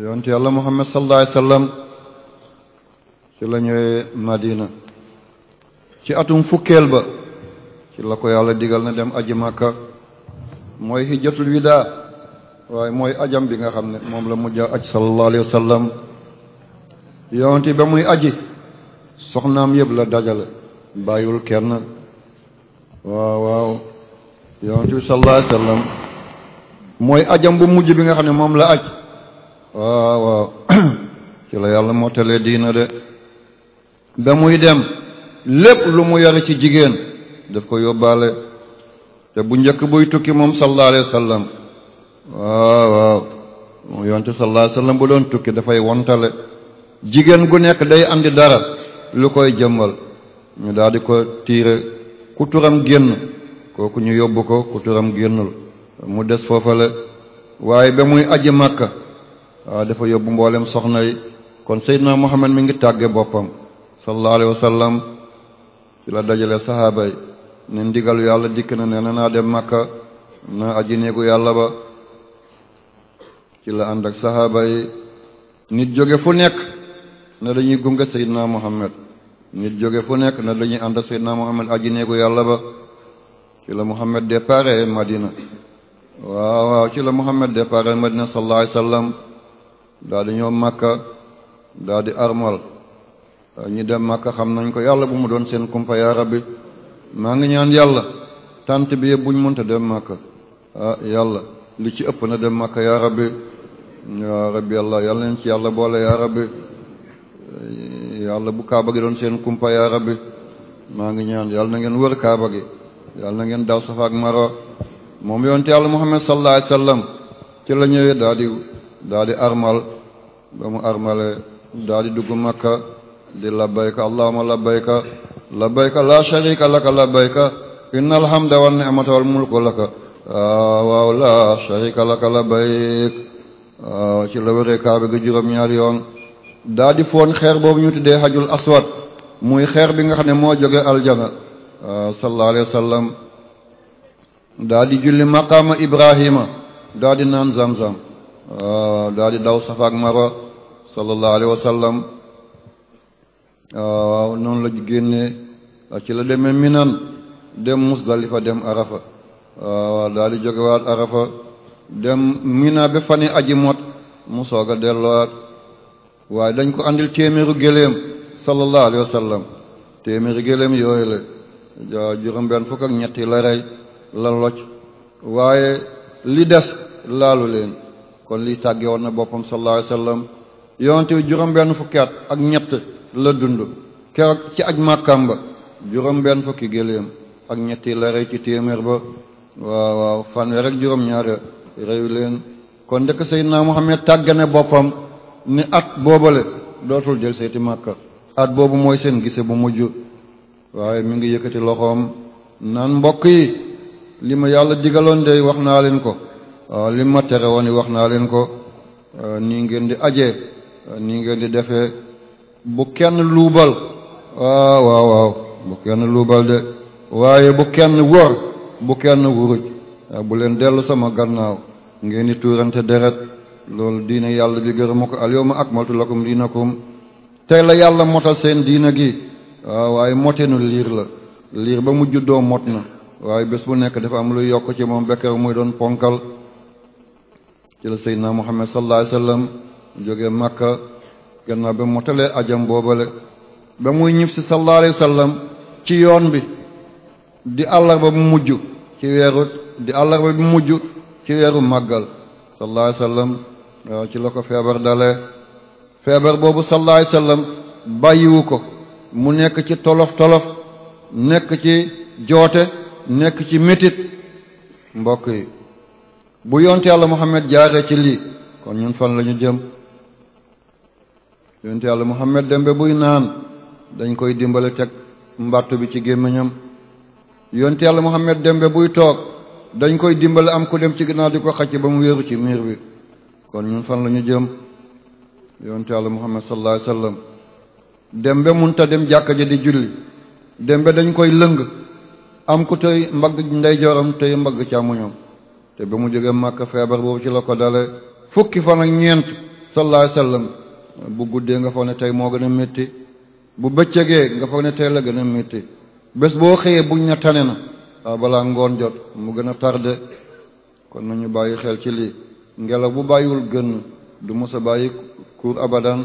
yonent yàlla Muhammad sallallahu alayhi wasallam ci la ñëwee Madina ci atum fukkeel ba ci la ko yàlla digal na dem aji màkka mooy hijjatul widaa waaye mooy ajam bi nga xam ne moom la mujj aj sallallahu alayhi wa sallam ba muy aji soxnaam yëpp la dajale bàyyiwul kenn waaw waaw yonente bi mooy ajam mujj bi nga xam ne moom la aj waaw waaw ci la yàlla mottalee diina de ba muy dem lépp lu mu yore ci jigéen daf ko yóbbaale te bu njëkk buy tukki moom sallallahu alayhi wa sallam waaw waaw moom yonte sallallahu alayhi wa sallam bu doon tukki dafay wontale jigéen gu nekk day andi dara lu koy jëmbal ñu daal di ko tiire ku turam génn kooku ñu yóbbu ko ku turam génnul mu des foofale waaye ba muy aji màkka waaw dafa yóbbu mboolem soxna yi kon seydina muhammad mi ngi tàgge boppam sallallahu wa sallam ci la dajale saxaaba yi ne ndigalu yàlla dikk na nee naa dem Makka na aji néegu yàlla ba ci la ànd ak saxaaba yi nit jóge fu nekk na dañuy gunge Seydina Muhammad nit jóge fu nekk na dañuy ànd ak Seydina Muhammad aji néegu yàlla ba ci la Muhammad départ Madina waaw waaw ci la Muhammad départ Madina sallallahu alayhi wasallam daal di ñëw Makka daal di armal ñu dem Makka xam nañ ko yàlla bu mu doon seen kumpa yaa rabbi maa ngi ñaan yàlla tant bi yëpp buñ mënta dem Makka ah, yàlla li ci ëpp na dem Makka yaa rabbi yaa rabbi yàlla yàlla nañ ci yàlla boole yaa rabbi yàlla bu kaaba gi doon seen kumpa yaa rabbi maa ngi ñaan yàlla na ngeen wër kaaba gi yàlla na ngeen daw safa ak maro moom yonte yàlla muhammad sallallahu alayhi wasallam ci la ñëwee daal di daal di armal ba armale daal dugg makka di labbayka allahumma labbayka labbayka la sharika laka labbayka innal hamda wan ni'mata wal mulku laka waaw la sharika laka labbayk ci la wéree kaaba gi juróom-ñaari yoon daa di foon xeer boobu ñu tuddee hajul aswad muy xeer bi nga xam ne moo jóge aljana sallallahu alayhi wa sallam daa di julli maqaama ibrahima daa di naan zam-zam daa daw safaak maro sallallahu alayhi wa waaw noonu la génnee ci la demee minan dem musdalifa dem arafa waaw daal di jógewaat arafa dem mina ba fani aji mot mu soog a delluwaat waaye dañ ko andil téeméeru géléem sallallahu alayhi wa sallam géléem yooyu la ja juróom-benn fukk ak ñetti la rey la loj waaye li des laalu leen kon li tàgge woon na boppam sallallahu alayhi yonente bi juróom-benn fukki at ak ñett la dund keroog ci aj màkkaam ba juróom-benn fukki géléem ak ñetti la rey ci téeméer ba waaw waaw fanweer ak juróom-ñaare reyu leen kon ndekk Seydina Muhammad tàggane boppam ni at boobale dootul jël seeti màkka at boobu mooy seen gise bu mujj waaye mi ngi yëkkati loxoom naan mbokk yi li ma yàlla digaloon de wax naa leen ko waaw li ma woon wax naa leen ko nii ngeen di ajee ni ngeen di defee bu kenn luubal waaw waaw waaw bu kenn luubal de waaye bu kenn wor bu kenn wuruj bu leen dellu sama gannaaw ngeen di tuurante deret loolu diine yàlla bi gërëma ko al yawma akmaltu lakum diinakum tey la yàlla motal seen diina gi waaw waaye motinu liir la liir ba mu juddoo mot na waaye bés bu nekk dafa am lu yokk ci moom bekkeer muy doon ponkal ci la seydina muhammad sallallahu alayhi jóge Makka gannaaw ba motalee ajam boobale ba muy ñib si sallallahu alayhi ci yoon bi di àllarba bu mujj ci weeru di àllarba mujj ci màggal sallallahu alayhi wa ci la ko feebar dalee feebar boobu sallallahu alayhi sallam bàyyiwu ko mu nekk ci tolof tolof nekk ci joote nekk ci métit mbokk yi bu yonte yàlla Muhammad jaaree ci lii kon ñun fan la ñu jëm yonte yàlla Muhammad dembe buy naan dañ koy dimbale teg mbàttu bi ci gémmiñam yonte yàlla Muhammad dembe buy toog dañ koy dimbale am ku dem ci ginnaaw di ko xacc ba mu wéeru ci miir bi kon ñun fan la ñu jëm yonte yàlla Muhammad sallallahu alayhi dem dembe munta dem jàkka ja di julli dembe dañ koy lëng am ku tey mbagg ndeyjooram tey mbagg càmmoñam te ba mu jógee màkk feebar boobu ci la ko fukki fan ak ñeent sallallahu alayhi bu guddee nga foog ne tey moo gën a metti bu bëccëgee nga foog ne tey la gën a métti bés boo xëyee buñ na tane na waaw ah, balaa ngoon jot mu gën a tardé kon nañu bàyyi xel ci lii ngelaw bu bàyyiwul gën du mos a bàyyi kuur abadan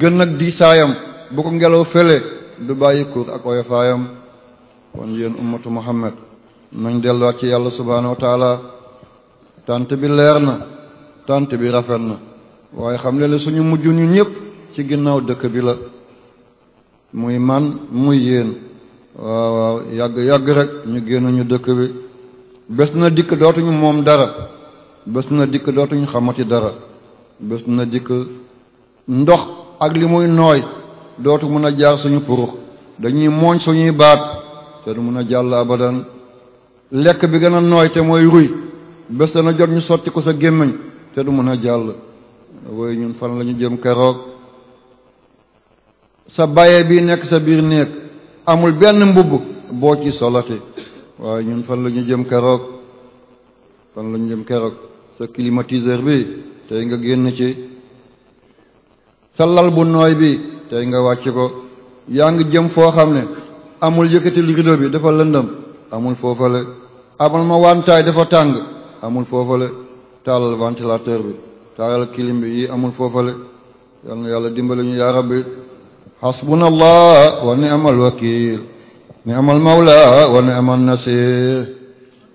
gën ak diisaayam bu ko ngelaw fële du bàyyi kuur ak oyofaayam kon yéen ummatu muhammad nañ delluwaat ci yàlla subhaanahu wa taala bi leer na tant bi rafet na waaye xam ne la suñu mujj ñu ñëpp ci ginnaaw dëkk bi la muy man muy yéen waaw waaw yàgg yàgg rekk ñu génn ñu dëkk bi bés na dikk dootuñu moom dara bés na dikk dootuñu xamati dara bés na dikk ndox ak li muy nooy dootu mën a jaar suñu purux dañuy mooñ suñuy baat te du mën a jàll abadan lekk bi gën a nooy te mooy ruy bés na jot ñu sotti ko sa gémmiñ te du mën a jàll woy ñun fan la jëm keroog sa baye bi nekk sa biir néeg amul benn mbubb boo ci solati waaye ñun fan la ñu jëm keroog fan la jëm keroog sa climatiseur bi tey nga génn ci sa lal bu nooy bi tey nga wàcc ko yaa jëm foo xam ne amul yëkkati rideau bi dafa lëndëm amul foofale amul ma wantaay dafa tàng amul foofale taalal ventilateur bi taaral kilim bi yi amul foofale yal na yàlla dimbali ñu yaa rabbi xasbuna allah wa ni'mal wakiil ni'mal mawla wa ni'mal nasiir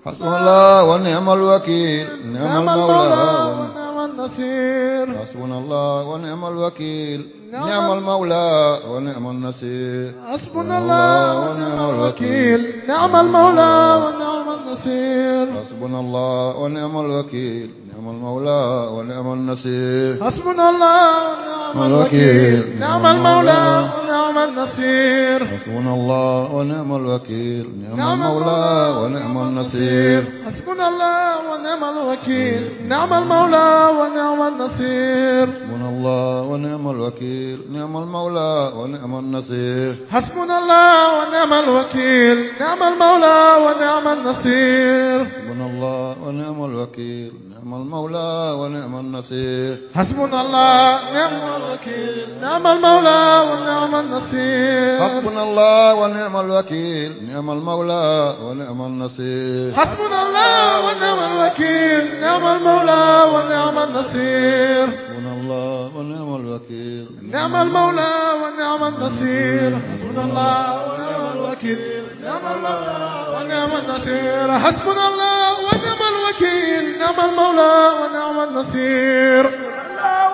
xasbuna allah wa ni'mal wakiil ni'mal mawla wa ni'mal nasiir xasbuna allah wa ni'mal wakiil ni'mal mawla wa ni'mal nasiir xasbuna allah wa ni'mal wakiil ni'mal mawla wa ni'mal nasiir xasbuna allah wa ni'mal wakiil نعم المولى ونعم النصير حسبنا الله ونعم الوكيل نعم المولى ونعم النصير حسبنا الله ونعم الوكيل نعم المولى ونعم النصير حسبنا الله ونعم الوكيل نعم المولى ونعم النصير حسبنا الله ونعم الوكيل نعم المولى ونعم النصير حسبنا الله ونعم الوكيل نعم المولى ونعم النصير حسبنا الله ونعم الوكيل نعم المولى ونعم النصير حسبنا الله نعم الوكيل نعم المولى ونعم النصير حسبنا الله ونعم الوكيل نعم المولى ونعم النصير حسبنا الله ونعم الوكيل نعم المولى ونعم النصير حسبنا الله ونعم الوكيل نعم المولى ونعم النصير حسبنا الله ونعم الوكيل نعم المولى ونعم النصير حسبنا الله ونعم الوكيل نعم المولى ونعم النصير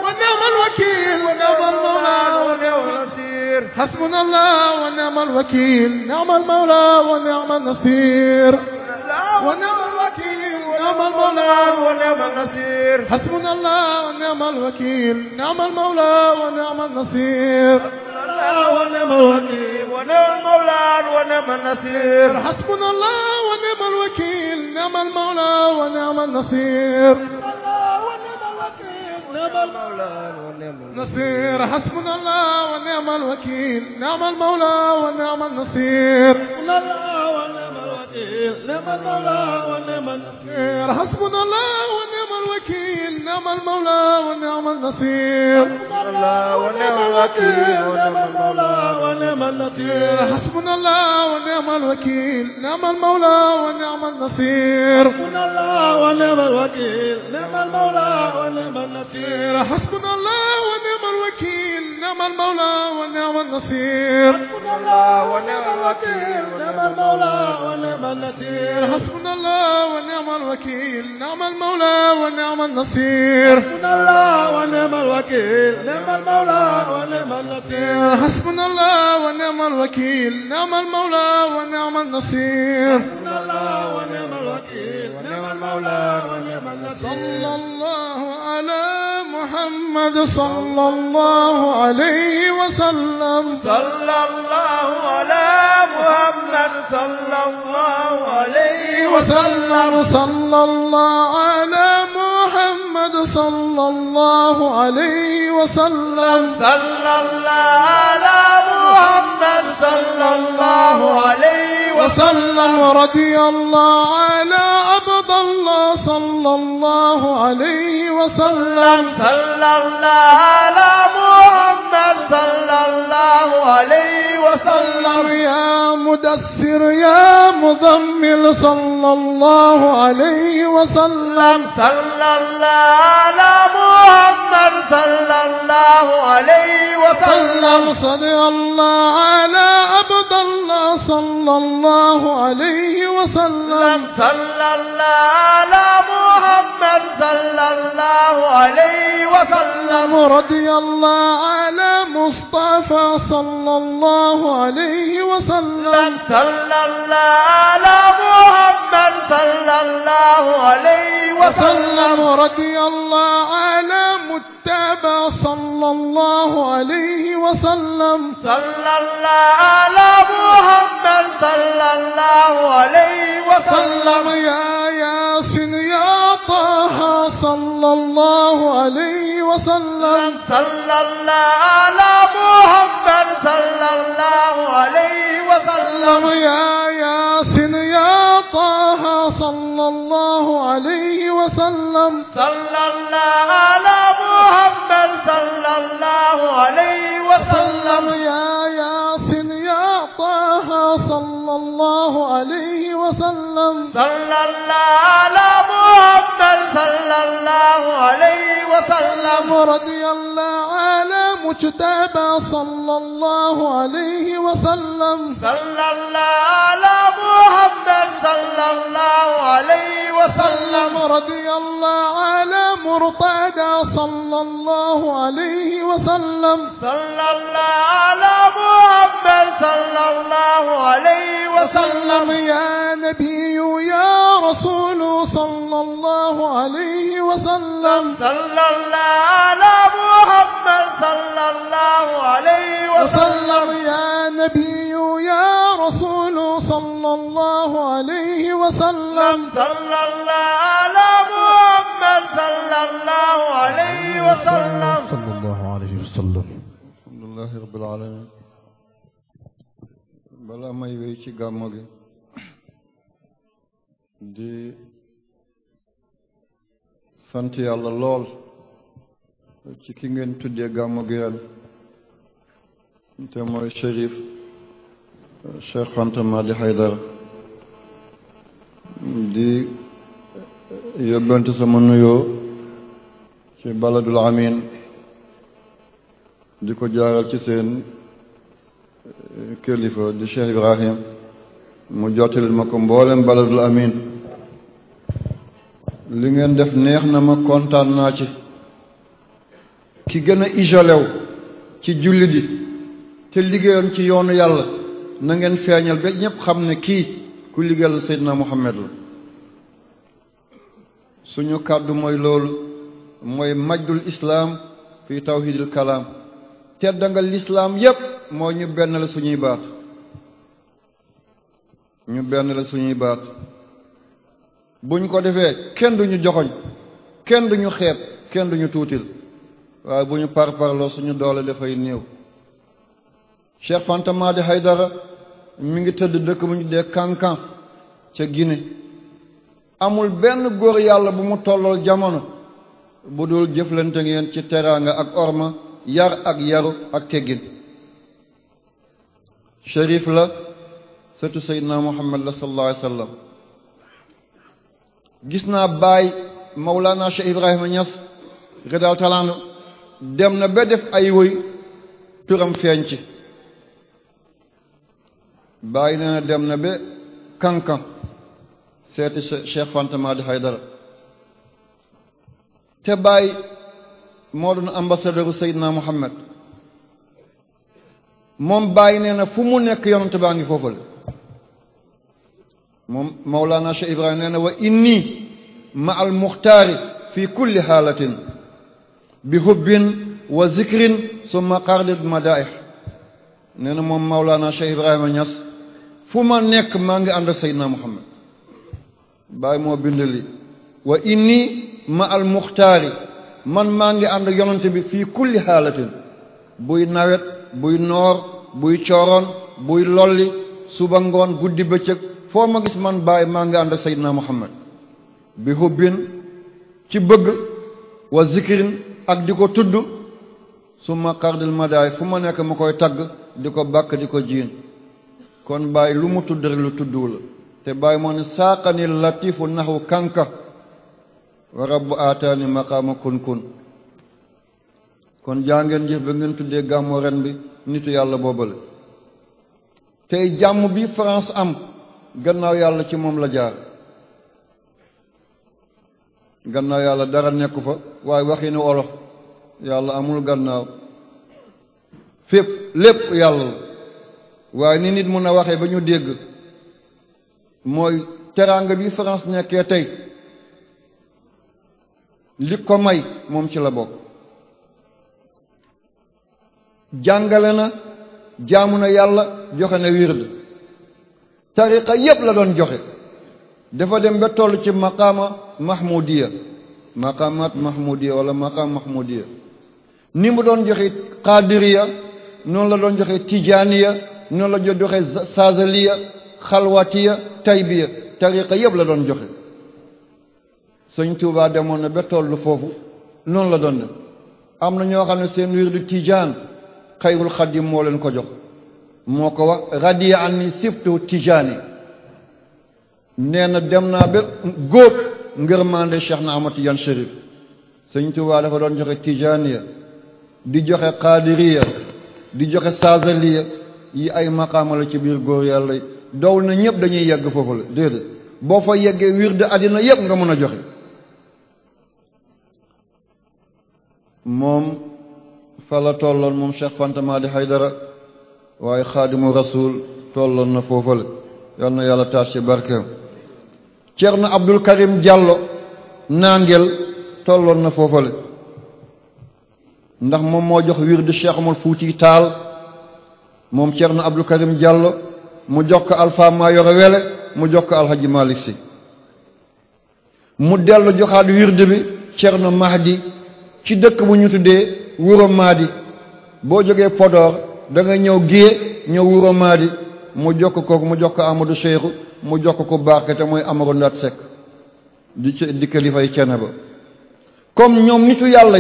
ونعم الوكيل ونعم المولى ونعم النصير حسبنا الله ونعم الوكيل نعم المولى ونعم النصير ونعم الوكيل ونعم المولى ونعم النصير حسبنا الله ونعم الوكيل نعم المولى ونعم النصير الله ونعم الوكيل ونعم المولى ونعم النصير حسبنا الله ونعم الوكيل نعم المولى ونعم النصير نعم المولى ونعم النصير حسبنا الله ونعم الوكيل نعم المولى ونعم النصير حسبنا الله ونعم نعم المولى ونعم النصير حسبنا الله ونعم الوكيل نعم المولى ونعم النصير حسبنا الله ونعم الوكيل نعم المولى ونعم النصير حسبنا الله ونعم الوكيل نعم المولى ونعم النصير حسبنا الله ونعم الوكيل نعم المولى ونعم النصير حسبنا الله ونعم الوكيل نعم المولى ونعم النصير حسبنا الله ونعم الوكيل نعم المولى ونعم نعم النصير حسبنا الله ونعم الوكيل نعم المولى ونعم النصير حسبنا الله ونعم الوكيل نعم المولى ونعم النصير حسبنا الله ونعم الوكيل نعم المولى ونعم النصير حسبنا الله ونعم الوكيل نعم المولى ونعم النصير صلى الله على محمد صلى الله عليه وسلم صلى الله على محمد صلى الله الله عليه وسلم صلى الله على محمد صلى الله عليه وسلم صلى الله على محمد صلى الله عليه وسلم ورضي الله على أبو رضى الله صلى الله عليه وسلم صلى الله على محمد صلى الله عليه وسلم يا مدثر يا مضمل صلى الله عليه وسلم صلى الله على محمد صلى الله عليه وسلم صلى الله على عبد الله صلى الله عليه وسلم صلى الله على محمد صلى الله عليه وسلم رضي الله على مصطفى صلى الله عليه وسلم صلى الله على محمد صلى الله عليه وسلم رضي الله على متبع صلى الله عليه وسلم صلى الله على محمد صلى الله عليه وسلم يا طه صلى الله عليه وسلم صلى الله على محمد صلى الله عليه وسلم يا ياسين يا طه صلى الله عليه وسلم صلى الله على محمد صلى الله عليه وسلم يا ياسين يا طه صلى صلى الله عليه وسلم صلى الله على محمد صلى الله عليه وسلم رضي الله على مجتبى صلى الله عليه وسلم صلى الله على محمد صلى الله عليه وسلم رضي الله على مرتدى صلى الله عليه وسلم صلى الله على محمد صلى الله عليه وسلم يا نبي يا رسول صلى الله عليه وسلم صلى الله على محمد صلى الله عليه وسلم يا نبي يا رسول صلى الله عليه وسلم صلى الله على محمد صلى الله عليه وسلم صلى الله عليه وسلم الحمد لله رب العالمين bala may wéy ci gàmmo gi di sant yàlla lool ci ki ngeen tuddee gàmmo gi ren te mooy Chérif Cheikh Anta Madi Haydara di yóbbante sama nuyoo ci baladul amin di ko jaaral ci seen kilifa di Cheikh Ibrahim mu jottalil ma ko mboolem baladul amin li ngeen def neex na ma kontaan naa ci ki gën a isolew ci jullit yi te liggéeyoon ci yoonu yàlla na ngeen feeñal ba ñëpp xam ne kii ku liggéeyal Seydina Muhammad la suñu kàddu mooy loolu mooy majdul islaam fi tawhidil kalaam tedda nga lislaam yépp moo ñu benn la suñuy baat ñu benn la suñuy baat buñ ko defee kenn duñu joxoñ kenn duñu xeeb kenn duñu tuutil waaye bu ñu par parloo suñu doole dafay néew Cheikh Fanta Madi Haydara mi ngi tëdd dëkk bu ñu dee Kankan ca Guinée amul benn góor yàlla bu mu tollool jamono bu dul jëflante ngeen ci teraanga ak orma yar ak yaru ak teggin shérif la sëtu seydina muhammad la sallallahu alayhi gis naa baay mawlana cheikh ibrahima ñas redal talaan dem na ba def ay woy turam feeñ baay nee na dem na ba kankan seeti cheikh fantama haydara te baay moo doon ambassadeur seydina muhammad moom bàyyi nee na fu mu nekk yonante baa ngi foofale moom Mawlana Cheikh Ibrahim nee na wa inni ma al muxtaari fi kulli xaalatin bi hubbin wa zikrin summa xarlit madaih nee na moom Mawlana Cheikh Ibrahima Niass fu ma nekk maa ngi ànd ak Seydina Muhammad bàyyi moo bind li wa inni ma al man maa ngi ànd ak yonante bi fii kulli xaalatin buy nawet buy noor buy cooroon buy lolli suba ngoon guddi bëccëg foo ma gis man baay maa ngi ànd ak Seydina Muhammad bi hubbin ci bëgg wa zikirin ak di ko tudd suma kardil madaay fu ma nekk ma koy tagg di ko bàkk di ko jiin kon baay lu mu tudd rek lu tudduwu la te baay moo ne saaqani latifu naxu kanka wa rabbu aataani maqaama kun kun kon jàngeen jëf ba ngeen tuddee gàmmu ren bi nitu yàlla boobale tey jàmm bi France am gannaaw yàlla ci moom la jaar gannaaw yàlla dara nekku fa waaye waxi ni olof yàlla amul gannaaw fépp lépp yàlla la waaye ni nit mun a waxee ba ñu dégg mooy teraanga bi France nekkee tey li ko may moom ci la bokk jàngale na jaamu na yàlla joxe na wiir wird tariqa yépp la doon joxe dafa dem ba toll ci maqaama mahmudiya maqaamat mahmudiya wala maqaam mahmudiya ni mu doon joxe qadiriya noonu la doon joxe tijaaniya noonu la doon joxe sazaliya xalwatiya taybiya tariqa yépp la doon joxe sëñ Tuubaa demoon na ba tollu foofu noonu la doon ne am na ñoo xam ne seen wirdu tijaan xayrul xadim moo leen ko jox moo ko wax radiya anni sibtu tijaani nee na dem naa ba góob ngërmande cheikh na ahmad tidiane chérif sëñ waa dafa doon joxe ya di joxe qaadiriya di joxe saazaliya yi ay maqaama la ci biir góor yàlla yi dow na ñëpp dañuy yegg foofu la déedéet boo fa yeggee wird àddina yëpp nga mën a joxe moom fa la tolloon moom Cheikh Fanta Madi Haydara waaye xaadimu rasul tolloon na foofale yal na yàlla taas ci barkeem Ceerno Abdul Karim Diallo naangel tolloon na foofale ndax moom moo jox wirdu Cheikh Umar Fuuti Taal moom Ceerno Abdul Karim Diallo mu jox ko Alfa Wele mu jox ko Alhaji Malick Sy mu dellu joxaat wird bi Ceerno Mahdi ci dëkk bu ñu tuddee Wuro Maadi boo jógee podoor da ñëw Guié ñëw Wuro Maadi mu jokk ko mu jokk Amadou Cheikhou mu jokk ko barke te mooy Amadou Ndat Seck di ci di kilifa yi ba comme ñoom nitu yàlla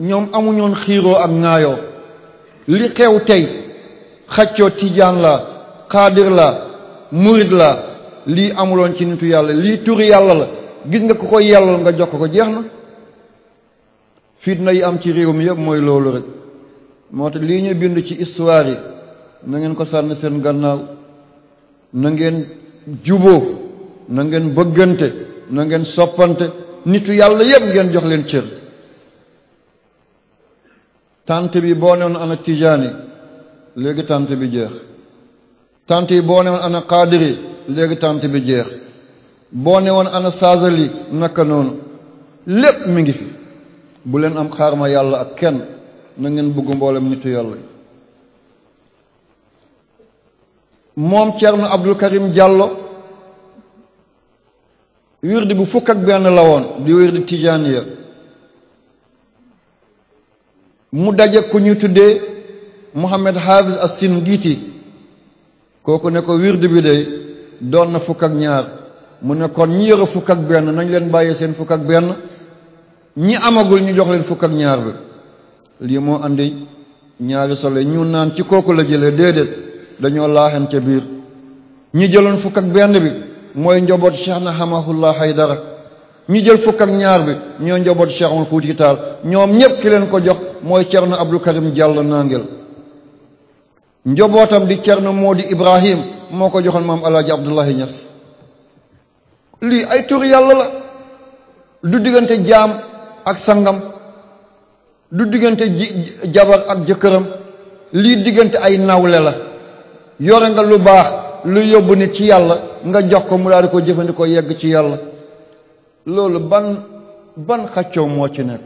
ñoom amuñoon xiiroo ak ŋaayoo li xew tey xaccoo tijaan la xaadir la murid la lii amuloon ci nitu yàlla lii turi yàlla la gis nga ku ko yellal nga jokk ko jeex na fitna yi am ci réew mi yëpp mooy loolu rek moo tax lii ñu bind ci histoire yi na ngeen ko sànn seen gannaaw na ngeen juboo na ngeen bëggante na ngeen soppante nitu yàlla yëpp ngeen jox leen cër tànt bi boo newoon ana tijaani léegi tànt bi jeex tant yi boo newoon ana qaadiri léegi tànt bi jeex boo newoon ana saazali naka noonu lépp mi ngi fi bu leen am xaar ma yàlla ak kenn na ngeen bëgg mboolem nitu yàlla yi moom Thierno Abdou Karim Diallo wirdi bu fukk ak benn la woon di wirdi Tijaaniya mu daje ku ñu tuddee Mohammed Hafiz As-Singiti kooku ne ko wirdi bi de doon na fukk ak ñaar mu ne kon ñi yore fukk ak benn nañ leen bàyyee seen fukk ak benn ñi amagul ñu jox leen fukk ak ñaar bi lii moo andi ñaari sole ñu naan ci kooku la jëlee déedéet dañoo laaxen ca biir ñi jëloon fukk ak benn bi mooy njaboot cheikh na hamahullah haydara ñi jël fukk ak ñaar bi ñoo njaboot cheikh mul fuuti ñoom ñëpp ki leen ko jox mooy cerno abdul karim jàll nangel njabootam di cerno moo di ibrahim moo ko joxoon maam alaaji abdullahi ñas lii ay tur yàlla la du diggante jaam ak sangam du diggante ji jabar ak jëkkëram lii diggante ay nawle la yore nga lu baax lu yóbbu nit ci yàlla nga jox ko mu daal di ko jëfandikoo yegg ci yàlla loolu ban ban xaccoo moo ci nekk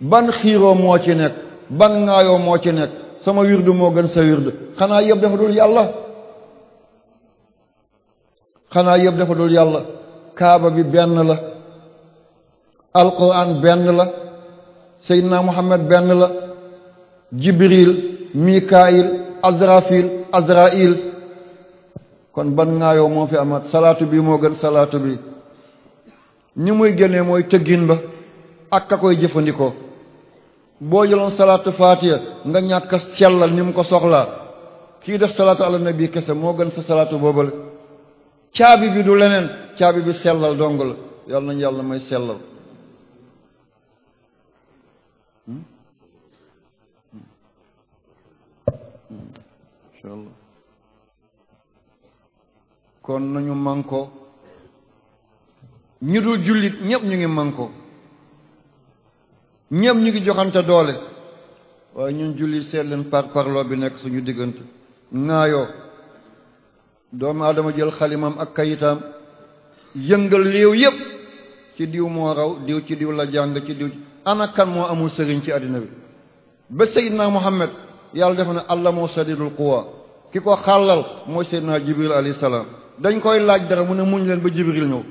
ban xiiroo moo ci nekk ban ŋaayoo moo ci nekk sama wirdu moo gën sa wirdu xanaa yëpp dafa dul yàlla xanaa yëpp dafa dul yàlla kaaba bi benn la alquran benn la seydina muhammad benn la jibril mikail azrafil azrail kon ban ngaayoo moo fi amat salaatu bi moo gën salaatu bi ni muy génnee mooy tëggin ba ak ka koy jëfandikoo boo jëloon salaatu faatiya nga ñàkk sellal ni mu ko soxlaa kii def salaatu ala nabi kese moo gën sa salaatu boobale caabi bi du leneen caabi bi sellal dong la yàlla nañ yàlla may sellal kon nañu manko ñu dul jullit ñëpp ñu ngi manko ñëpp ñu ngi joxante doole waaye ñu jullit seet leen par parloo bi nekk suñu diggante ŋaayoo doom aadama jël xalimam ak kayitam yëngal léew yëpp ci diw moo raw diw ci diw la jàng ci diw ana kan moo amul sëriñ ci àddina bi ba Seydina Muhammad yàlla defa na allah moo sadidul ki ko xàllal mooy Seydina Jibril alayhi salaam dañ koy laaj dara mu ne muñ leen ba Jibril ñëw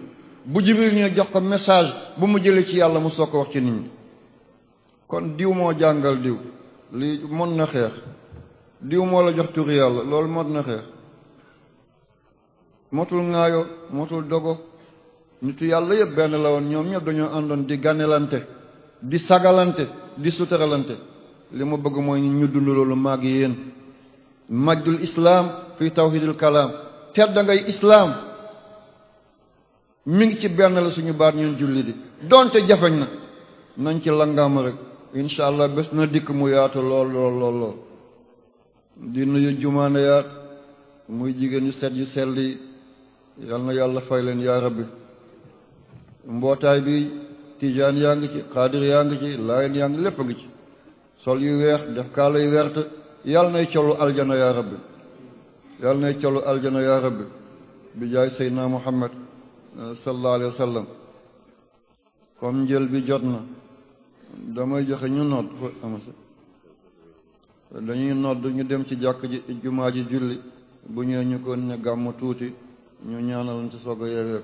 bu Jibril ñëw jox ko message bu mu jëlee ci yàlla mu soog ko wax ci nit ñi kon diw moo jàngal diw lii mën na xeex diw moo la jox turi yàlla loolu mën na xeex motul ŋaayo motul dogo nitu yàlla yëpp benn la woon ñoom ñëpp dañoo àndoon di ganelante di sagalante di sutaralante li mu bëgg mooy ñu dund loolu maag yéen majdul islam fi tawhidul kalam tedda ngay islam mi ngi ci benn la suñu baat ñu julli di donte jafeñ na nañ ci langaam rek incha allah bés na dikk mu yaatu lool lool lool lool di nuyu yaat muy jigéen yu set yu sell yi yal na yàlla fay leen yaa rabbi mbootaay bi tiijaan yaa ngi ci xaadir yaa ngi ci layen yaa ngi lépp a ngi ci sol yu weex def kaala yu weert yàlla nay colu aljana yaa rabbi yàlla nay colu aljana yaa rabbi bi jaay seydina muhammad eh, sallallahu alayhi wa sallam comme njël bi jot na damay joxe ñu nodd fa amasa dañuy nodd ñu dem ci jàkk ji jumaa ji julli bu ñëwee ñu ko ne gàmm tuuti ñu ñaanal ci soog a yeewee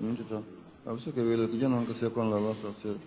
Mintito. A bɛ se ka wele k'i jɔn ka se la walasa